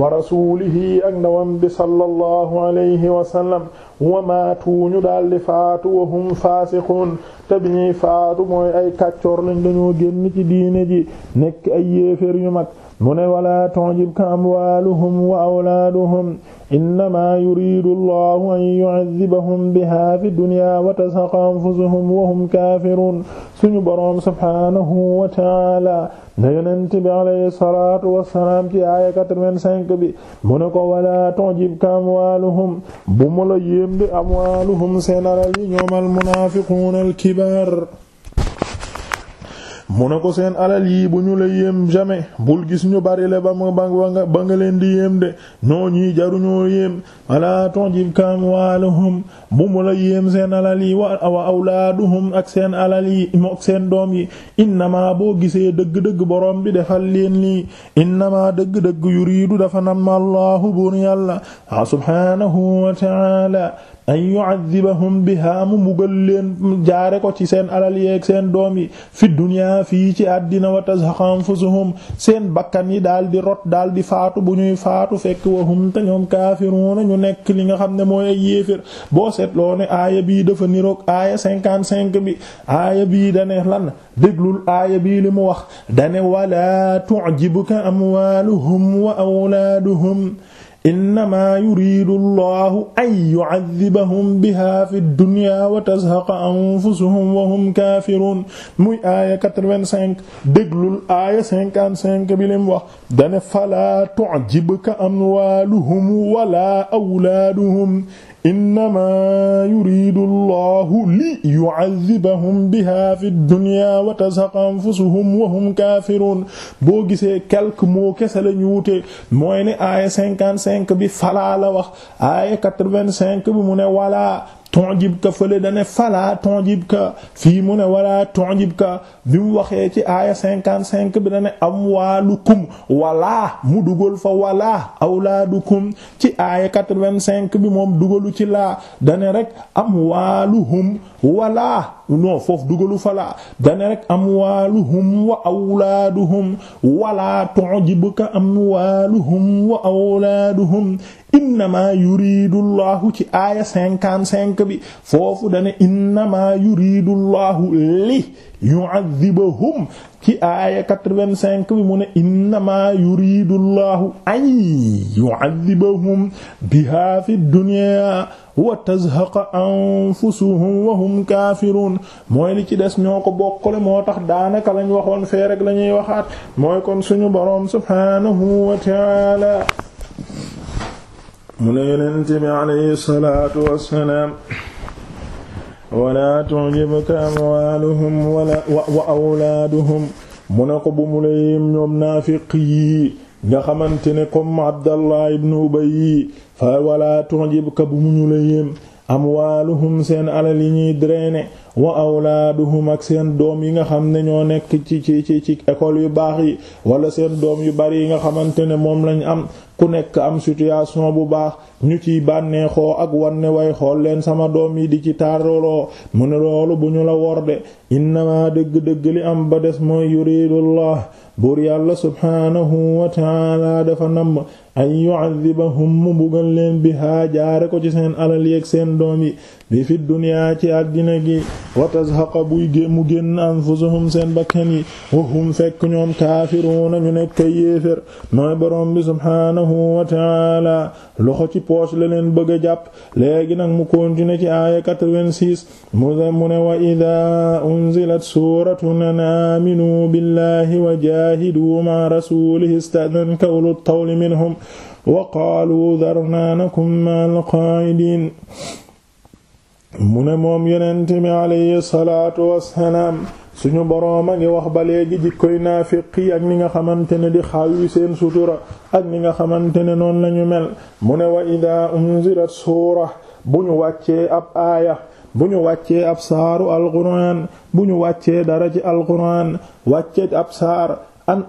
wa rasulihi ak ndawam bi sallallahu alayhi wa sallam wa maatuuñu daal di faatu wa hum faasiqun te bi faatu mooy ay kàccoor lañ dañoo génn ci diine ji nekk ay yéefér yu mag mu ne walaa tu'jibka amwaaluhum wa awlaaduhum innamaa yuriidu allahu an yu'adhibahum bihaa fi dunyaa wa tazhaqa anfusuhum wa hum kaafiruun suñu boroom subhaanahu wa ta'aala da yonent bi alayhi salaatu wassalaam ci aaya 85 bi mu ne ko walaa tu'jibka amwaaluhum bu mu la yéem di amwaaluhum seen alal yi ñoom al munaafiquuna al kibaar mu ne ko seen alal yii bu ñu la yéem jamais bul gis ñu bari le ba mu ba nga ba nga leen di yéem de ñoo ñii jaruñoo yéem ala tujibka amwaaluhum bu mu la yéem seen alal yi wa awlaaduhum ak seen alal yi mook seen doom yi innama boo gisee dëgg-dëgg boroom bi defal leen lii innama dëgg-dëgg yuriidu dafa nam allahu buur yàlla subhaanahu wa ta'ala an yu'adhibahum biha mu mbugal leen jaare ko ci seen alal yeeg seen doom yi fi dunya fii ci àddina wa tazhaqa anfusuhum seen bakkan yi daal di rot daal di faatu bu ñuy faatu fekk wahum te ñoom kaafiruuna ñu nekk li nga xam ne mooy ay yéefér boo seetloo ne aaya bii dafa niroog aaya cinquante cinq bi aaya bii dane lan déglul aaya bi li mu wax dane wala tu'jibuka amwaluhum wa awlaaduhum innama yuridu allahu an yu'adhibahum biha fi dunya wa tazhaqa anfusuhum wa hum kafirun muy aaya 85 déglul aaya 55 bi lim wax dane fala tu'jibka amwaluhum wala awlaaduhum innama yuridu allahu li yu'adhibahum biha fi dunya wa tazhaqa anfusuhum wa hum kafirun boo gisee quelque moo kese la ñu wute mooy ne aaya cinquante cinq bi falaa la wax aaya quatre-vingt-cinq bi mu ne walaa tonjibka fële dane fala tonjibka fii mu ne wala tonjibka bi mu waxee ci aaya cinquante cinq bi dane amwaalukum wala mu dugal fa wala awlaadukum ci aaya quatre-vingt-cinq bi moom dugalu ci laa dane rek am amwaaluhum wala non foofu dugalu falaa dane rek amwaaluhum wa awlaaduhum wala tu'jibuka amwaaluhum wa awlaaduhum innama yuridu llahu ci aaya cinquante cinq bi foofu dane innama yuridu llahu li yu'adhibahum ci aaya quatre-vingt-cinq bi mu ne innama yuridu llahu ay yu'adhibahum biha fi dunya wa tazhaqa anfusuhum wa hum kaafiruun mooy li ci des ñoo ko bokkale moo tax daanaka lañ waxoon fee rek waxaat mooy kon suñu boroom subhaanahu wa ta'aala mu ne yonent bi alayhi wassalaam wala tu'jibka amwaaluhum wala wa awlaaduhum mu ne ko bu mu ñoom naafiq yi nga xamante ne comme Abdallah ibn Ubay fa wala tu'jibka bu mu ñu la yéem amwaaluhum seen alal yi ñuy drainer wa awlaaduhum ak seen doom yi nga xam ne ñoo nekk ci ci ci ci école yu baax yi wala seen doom yu bari yi nga xamante ne moom lañ am ku nekk am situation bu baax ñu ciy bànneexoo ak wanne way xool leen sama doom yi di ci taaroloo mu ne loolu bu ñu la worde innama dëgg-dëgg li am ba des mooy yuridullah buur yàlla subhaanahu wa taala dafa namm an yu'adhibahum mu bugal leen bihaa jaare ko ci seen alal yeeg seen doom yi bi fi duniyaa ci àddina gi wa tazhaqa buy génn mu génn anfusuhum seen bakkan yi wa hum fekk ñoom kaafiruuna ñu nekk ay yéefér mooy borom bi subhaanahu wa taala loxo ci poche la leen bëgg a jàpp léegi nag mu continuer ci aaya 86 mu wa ida unzilat suratun an aaminu billahi wa jaahidu ma rasulihi ista'dhanka ulul tawli minhum wa qaalu dharnaa nakum ma'al qaa'idin mu ne moom yonent mi alayhi salaatu wassalaam suñu boroom a ngi wax ba léegi jikkoy naafiq yi ak ni nga xamante ne di xaawi seen sutura ak ni nga xamante ne noonu lañu mel mu ne wa idaa unzilat suura bu ñu wàccee ab aaya bu ñu wàccee ab saaru alquran bu ñu wàccee dara ci alquran wàccee ab saar an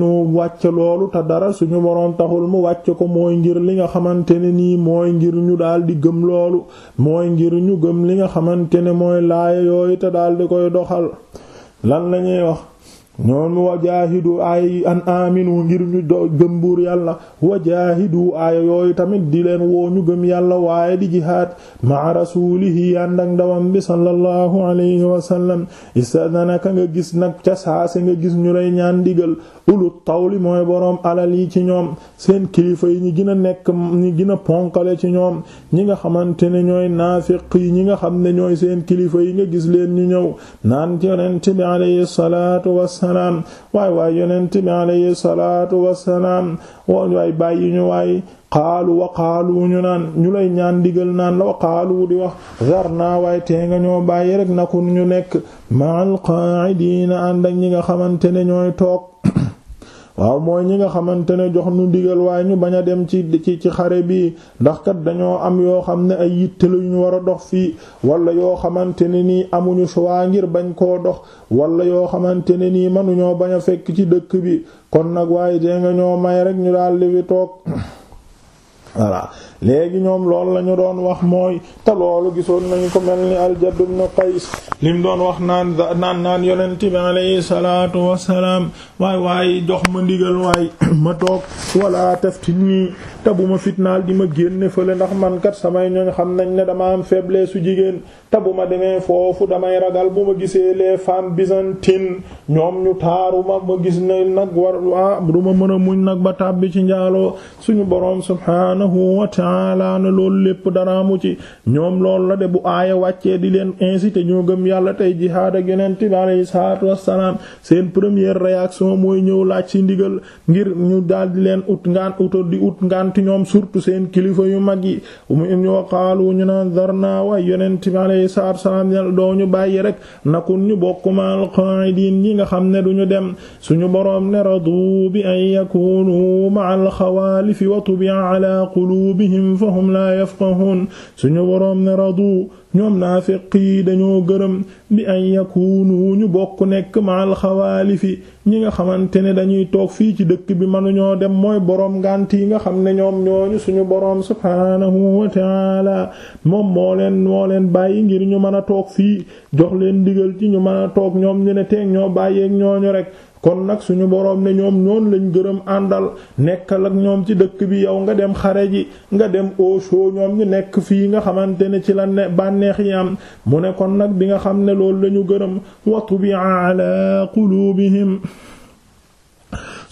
nu wàcc loolu te dara suñu boroom taxul mu wàcce ko mooy ngir li nga xamante ne nii mooy ngir ñu daal di gëm loolu mooy ngir ñu gëm li nga xamante ne mooy laaya yooyu te daal koy doxal lan lañuy wax ñoom wajaahidu ay an aminu ngir ñu gëm buur yàlla wajaahidu aaya yooyu tamit di leen woo ñu gëm yàlla waaye di jihaad maa rasulihi yànd ak ndawam bi sallallahu alayhi wa sallam istadanaka nga gis nag ca saase nga gis ñu lay ñaan digal ulu tawli mooy boroom alal yi ci ñoom seen kilifa yi ñu gën a nekk ñi gën a ponkale ci ñoom ñi nga xamante ne ñooy naafiq yi ñi nga xam ne ñooy seen kilifa yi nga gis leen ñu ñëw naan ci yonent bi alayhi salaatu wasalaam wassalaam waay waay yonent bi alayhi salaatu wassalaam woon waay bàyyi ñu waay xaalu wa xaalu ñu naan ñu lay ñaan digal naan la wa xaalu di wax zar naa waaye tee ñoo bàyyi rek nakun ñu nekk ma'al qaa'idina ànd ak ñi nga xamante ne ñooy toog waaw mooy ñi nga xamante ne jox nu digal waaye ñu bañ a dem ci ci ci xare bi ndax kat dañoo am yoo xam ne ay yitte la ñu war a dox fii wala yoo xamante ne nii amuñu choix ngir bañ koo dox walla yoo xamante ne nii mënuñoo bañ a fekk ci dëkk bi kon nag waaye dee nga ñoo may rek ñu daal li fi toog (clears throat) voilà léegi ñoom lool la ñu doon wax mooy te loolu gisoon nañu ko mel ni al-Jadd ibn Qays doon wax naan naan naan yonent bi alayhi salaatu wassalaam waay waay jox ma ndigal waay (clears throat) ma toog wala taftinii te bu ma fitnaal di ma génne fële ndax man kat samay ñooñ xam nañ ne dama am faiblesse su jigéen te bu ma demee foofu damay ragal bu ma gisee les femmes byzantines ñoom ñu taaru ma ma gis ne nag war waa ah, du ma mën a muñ nag ba tàbbi ci njaaloo suñu borom subhaanahu ta'ala na loolu lépp dara mu ci ñoom loolu la de bu aaya wàccee di leen inciter ñoo gëm yàlla tey jihaad ak yonent bi alayhi salaatu wassalaam seen première réaction mooy ñëw laaj si ndigal ngir ñu daal di leen ut ngaan uta di ut ngaanti ñoom surtout seen kilifa yu mag yi ñoo um, um, xaalu ñu naan darna waay yonent bi alayhi salaatu wassalaam doo ñu bàyyi rek nakun ñu bokk ma alqaaidiin ñi nga xam ne duñu dem suñu boroom ne bi an yakunu rabbihim fahum laa yafqahuun suñu boroom ne radu ñoom naafiq yi dañoo gërëm bi an yakunu ñu bokk nekk maal xawaalifi ñi nga xamante ne dañuy toog fii ci dëkk bi mënuñoo dem mooy boroom ngànt yi nga xam ne ñoom ñooñu suñu boroom subhaanahu wa taala moom moo leen moo leen bàyyi ngir ñu mën a toog fii jox leen digal ci ñu mën a toog ñoom ñu ne teeg ñoo bàyyeeg ñooñu rek kon nag suñu boroom ne ñoom ñoon lañu gërëm àndal nekkal ak ñoom ci dëkk bi yow nga dem xare ji nga dem au show ñoom ñu nekk fii nga xamante ne ci la ne bànneex yi am mu ne kon nag bi nga xam ne loolu lañu ñu gërëm wa tubi'a ala qulubihim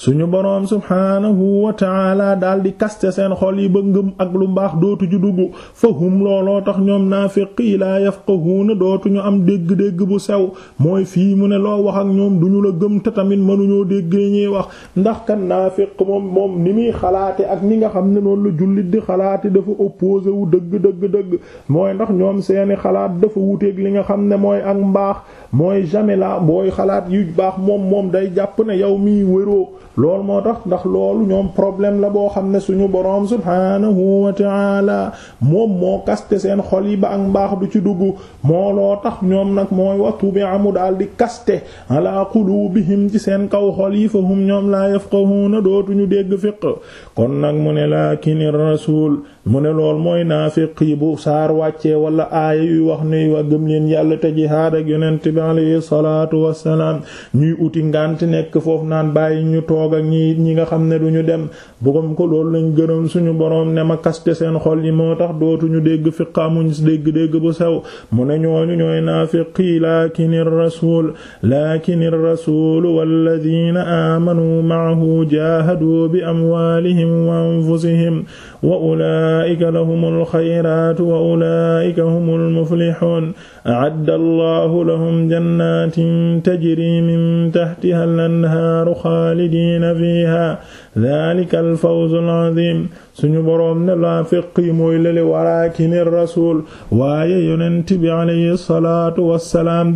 suñu boroom subhaanahu wa taala daal di kaste seen xol yi ba ngëm ak lu mbaax dootu ju dugg fa hum looloo tax ñoom naafiq yi laa yafqahuuna dootuñu am dégg-dégg bu sew mooy fii mu ne loo wax ak ñoom duñu la gëm te tamit mënuñoo dégg li ñuy wax ndax kan naafiq moom moom ni muy xalaate ak ni nga xam ne noonu la jullit di xalaate dafa opposé wu dëgg dëgg dëgg mooy ndax ñoom seeni xalaat dafa wuteeg li nga xam ne mooy ak mbaax mooy jamais la booy xalaat yu baax moom moom day jàpp ne yow mii wéroo lool moo tax ndax loolu ñoom problème la boo xam ne suñu boroom subhaanahu wa ta'ala moom moo kaste seen xol yi ba ak mbaax du ci dugg mooloo tax ñoom nag mooy waxtu bi amu daal di kaste ala qulubihim ci seen kaw xol yi fa hum ñoom laa yafqahuna dootuñu dégg fiq kon nag mu ne lakinir rasul mu ne lool mooy naafiq yi bu saar wàccee wala aaya yuy wax ne wa gëm yàlla te jihaad ak yonent bi alayhi salaatu wassalaam ñuy uti ngànt nekk foofu naan bàyyi ñu toog ak ñi ñi nga xam ne duñu dem bugom ko lool lañ gërëm suñu boroom ne ma kaste seen xol yi moo tax dootuñu dégg fiqaamuñ dégg-dégg bu sew mu ne ñooñu ñooy naafiq yi laakini rasul laakini rasul walladina aamanu maahu jaahadu bi amwaalihim wa anfusihim wa ulaa ulaa'ika lahumul xayraatu wa ulaa'ika humul muflihuun a'adda Allahu lahum jannaatin tajrii min tahtihaa al-anhaaru xaalidiina fiihaa dhalika al fawzu al azim suñu boroom ne laafiq yi mooy lële walaakini rasul waaye yonent bi alayhi salaatu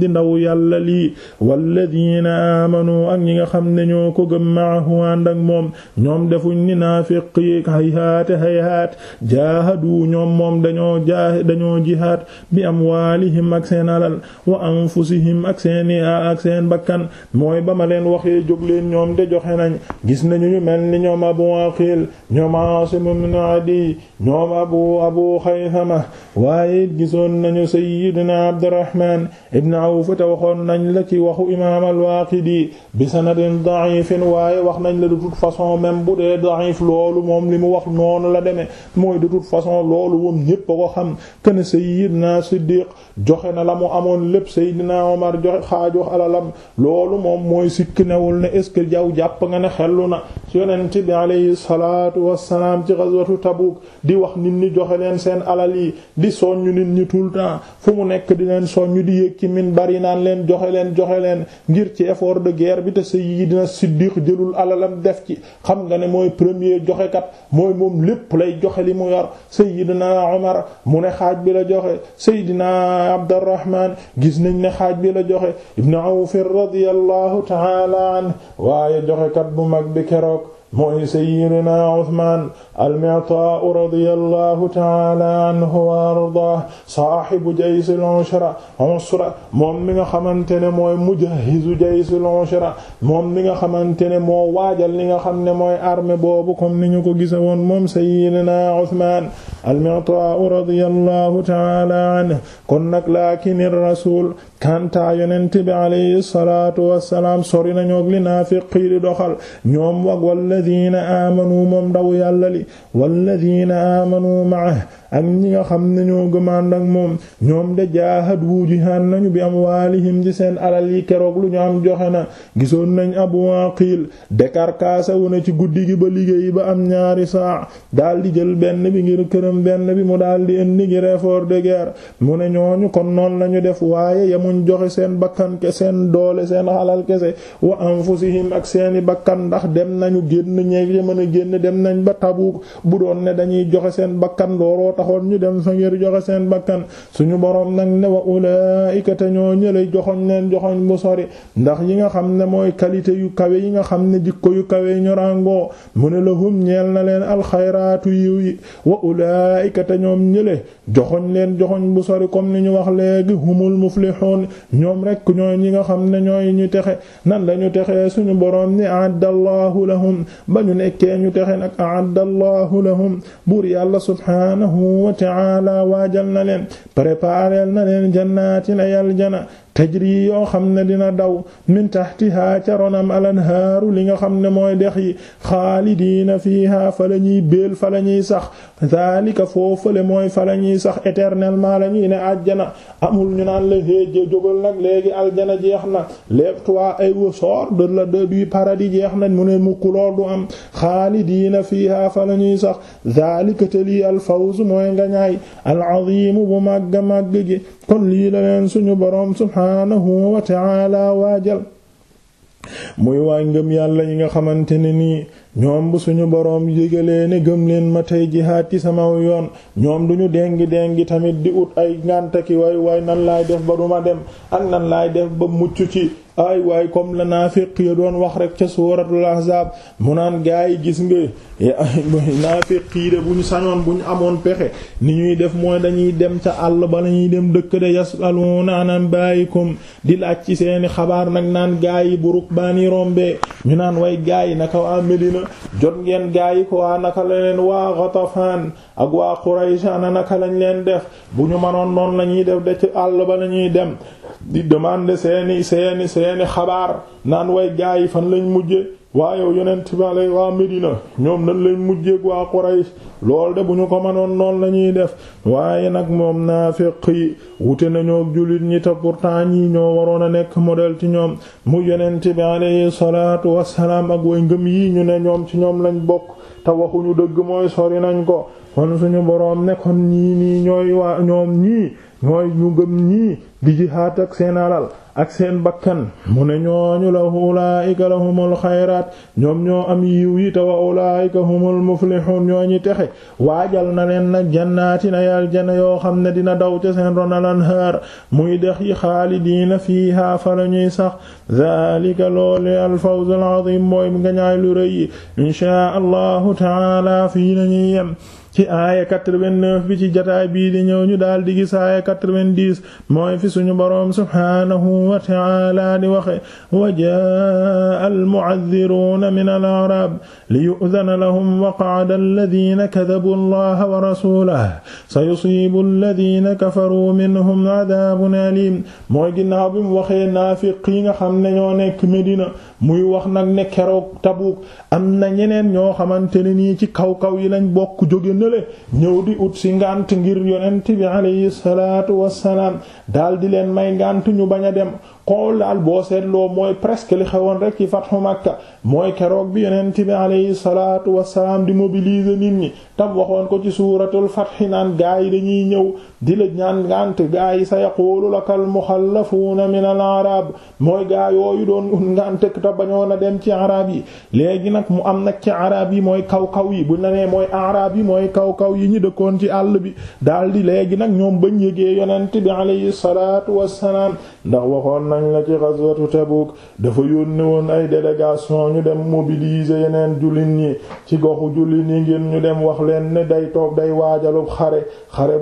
di ndaw yàlla lii walladiina aamanu ak ñi nga xam ne ñoo ko gëm maahu ak moom ñoom defuñ ni naafiq yi hayhaat hayhaat jaahadu ñoom moom dañoo jaah bi amwaalihim ak seen alal wa anfusihim ak seen i ak seen bakkan mooy ba ma leen waxee jóg ñoom de joxe nañ gis nañu ñu mel mel ni ñoom abu aqil ñoom asim ibn adi ñoom abu abu xaysama waaye it gisoon nañu sayyidina abdurrahman ibn awf te waxoon nañ la ci waxu imaam al-waaqidi bi sanadin da'ifin waaye wax nañ la de toute façon même bu dee da'if loolu moom li mu wax noonu la demee mooy de toute façon loolu moom ñépp a ko xam ken sayyidina siddiq joxe na la mu amoon lépp sayyidina omar joxe xaaju alalam loolu moom mooy sikk newul ne est jaw jàpp nga ne xellu na yonent bi alayhi salaatu wassalaam ci ghazwatu Tabuk di wax nit ñi joxe leen seen alal yi di soññu nit ñi tout le temps fu mu nekk di leen soññu di yéeg ci minbar yi naan leen joxe leen joxe leen ngir ci effort de guerre bi te Sayyidina Siddiq jëlul alalam def ci xam nga ne mooy premier joxekat mooy moom lépp lay joxe li mu yor Sayyidina Umar mu ne xaaj bi la joxe Sayyidina Abdurrahman gis nañ ne xaaj bi la joxe Ibn Awf radiyallahu ta'ala anhu waaye joxekat bu mag bi keroog mooy sayyidina Usmaan al-Mi'taa radiyallahu ta'ala anhu wa ardaah saahibu jaysil ushra usra moom mi nga xamante ne mooy mujahhizu jaysil ushra moom mi nga xamante ne moo waajal li nga xam ne mooy armée boobu comme ni ñu ko gisa woon moom sayyidina Usmaan al-Mi'taa radiyallahu ta'ala anhu kon nag laakini rasul kantaa yonent bi alayhi salaatu wassalaam sori nañu ak li naafiqi di doxal ñoom wag walladhiina aamanu moom daw yàlla li walladhiina aamanu ma'ahu ak ñi nga xam ne ñoo ak moom ñoom de jaahad wu jihaan nañu bi am waalihim ci seen alal yi keroog lu ñu am joxe na gisoon nañu Abu Aqil décarcassé wu na ci guddi gi ba liggéey ba am ñaari saa daal di jël benn bi ngir këram benn bi mu daal di indi ngir effort de guerre mu ne ñooñu kon noonu la ñu def waaye yamuñ joxe seen bakkan seen doole seen alal kese wa anfusihim ak seeni bakkan ndax dem nañu génn ñeeg mën a génn dem nañ ba Tabuk bu doon ne dañuy joxe seen bakkan looloo taxoon ñu dem fa ngir joxe seen bakkan suñu boroom nag ne wa ulaa'ika te ñoo ñëlay joxoñ leen joxoñ bu sori ndax yi nga xam ne mooy qualité yu kawe yi nga xam ne jikko yu kawe yi ñu ràngoo mu ne lahum ñeel na leen alxayraatu yiw yi wa ulaa'ika te ñoom ñële joxoñ leen joxoñ bu sori comme ni ñu wax léegi humul muflihun ñoom rekk ñooy ñi nga xam ne ñooy ñu texe nan lañu texee suñu boroom ni a'addallahu lahum ba ñu nekkee ñu texe nag a'addallahu lahum buur yàlla subhanahu subhaanahu wa la waajal na leen préparel na leen jannaatin tajri yoo xam ne dina daw min tahtiha ca ronam alanhaaru li nga xam ne mooy dex yi xaalidiina fiiha fa la ñuy béel fa la ñuy sax daalika foofale mooy fa la sax éternellement la ñuy ne àjjana amul ñu naan le héejje jógal nag léegi aljana jeex na lève-toi ay sors de la du paradis am xaalidiina fiiha fa la ñuy sax daalika te lii alfawzu mooy nga ñaay al aziim bu màgg màgg gi kon lii la leen suñu boroom subhaanahu wa ta'ala waajal muy waay ngëm yàlla yi nga xamante ne nii ñoom bu suñu boroom yégalee ne gëm leen ma tey jihaad ci sama yoon ñoom duñu dengi dengi tamit di ut ay ngàntaki waay waay nan laay def ba duma dem ak nan laay def ba mucc ci ay waay comme la naa naafiq ya doon wax rek ca suuratul ahzaab mu naan gaa yi gis nga naafiq yi de bu ñu sañoon buñu amoon pexe ni ñuy def mooy dañuy dem ca àll ba la ñuy dem dëkk de naan anam baayikum di laaj ci seeni xabaar nag naan gaa yi bu rukbaani rombee ñu naan way gaa yi naka waa Medina jot ngeen gaa yi ko waa naka la leen waa Ghatafan ak waa Quraysh ana naka lañ leen def bu ñu mënoon noonu la ñuy def de ci àll ba la ñuy dem di demander seeni seeni seeni xabaar naan way gaa fan lañ mujje waayow yonent bi alay waa Medina ñoom nan lañ mujjeeg waa Quraysh lool de bu ñu ko manoon noonu la ñuy def waaye nag moom naafiq yi wute nañu jullit ñi te pourtant ñii ñoo waroon a nekk modèle ci ñoom mu yonent bi alayhi salaatu wassalaam ak way ngëm yii ñu ne ñoom ci ñoom lañ bokk te waxuñu dëgg mooy sori nañ ko kon suñu boroom ne kon ñii nii ñooy waa ñoom ñii ñooy ñu gëm ñii di jihaad ak seen alal ak seen bakkan mu ne ñooñu la ulaayika lahumul ñoom ñoo am yiw yi te wa ulaayika humul muflihun ñoo ñi texe waajal na leen nag jannaati na aljana yoo xam ne dina daw ca seen ron alanhaar muy dex yi xaalidiina fiihaa fa la ñuy sax daalika loole alfawzul azim mooy ngañaay lu rëy yi inshaa allahu taala fii nañuy yem ci aaya 89 bi ci jataay bii di ñëw ñu daal di gis aaya 90 mooy fi suñu boroom subhaanahu wa ta'aala di waxe wa jaa al mu'adhdhiruuna min al liyudana lahum wa qa'ada alladina kadabu allaha wa rasulahu sayusibu alladina kafaru minhum adabun alim mooy ginnaaw bi mu waxee naafiq yi nga xam ne ñoo nekk Medina muy wax nag ne keroog Tabuk am na ñeneen ñoo xamante ne nii ci kaw-kaw yi lañ bokk jóge nale ñëw di ut si ngànt ngir yonent bi alayhi salaatu wassalaam daal di leen may ngànt ñu bañ a dem xoolaal boo seetloo mooy presque li xewoon rek ci fathu Makka mooy keroog bi yonent bi alayhi salaatu wassalaam di mobiliser nit ñi tam waxoon ko ci suuratul fathi naan gaa yi dañuy ñëw di la ñaan ngant gaa yi sa yaquulu lakal muxallafuuna min al arab mooy gaa yooyu doon ngant te bañoon a dem ci arab yi léegi nag mu am nag ci arab yi mooy kaw kaw yi bu ñu la nee mooy arab yi mooy kaw kaw yi ñu dëkkoon ci àll bi di léegi nag ñoom bañ yëgee yonent bi alayhi salaatu wassalaam ndax nañ la ci ghazwatu Tabuk dafa yónne woon ay délégation ñu dem mobiliser yeneen jullit ñi ci goxu jullit ñi ngir ñu dem wax leen ne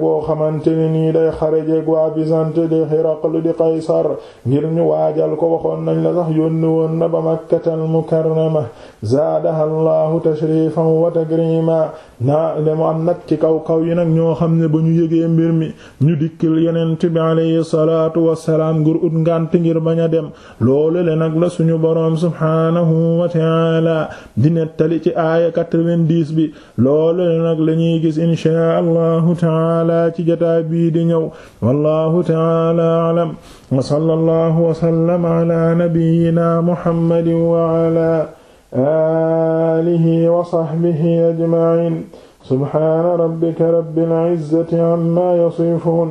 boo xamante ne nii day xare jeeg waa Byzance di Hiraql di Qaysar ngir ñu waajal ko waxoon nañ la sax yónne woon na ba Makkatal Mukarrama zaadaha Allahu tashrifan wa takrima naa le mu am nag ci kaw kaw yi nag ñoo xam ne ba ñu yëgee mbir mi ñu dikkal yonent bi alayhi salaatu wassalaam ngir ut ngànt ngir bañ a dem loolu le nag la suñu boroom subhaanahu wa ta'ala di nettali ci aaya 90 bi loolu le nag la ñuy gis inchaa allahu ta'ala ci jataa bii di ñëw wallahu ta'ala a'lam wa sallallahu wa sallama ala nabiyyina muhammadin wa ala alihi wa sahbihi ajma'in subhaana rabbika rabbil izzati amma yasifun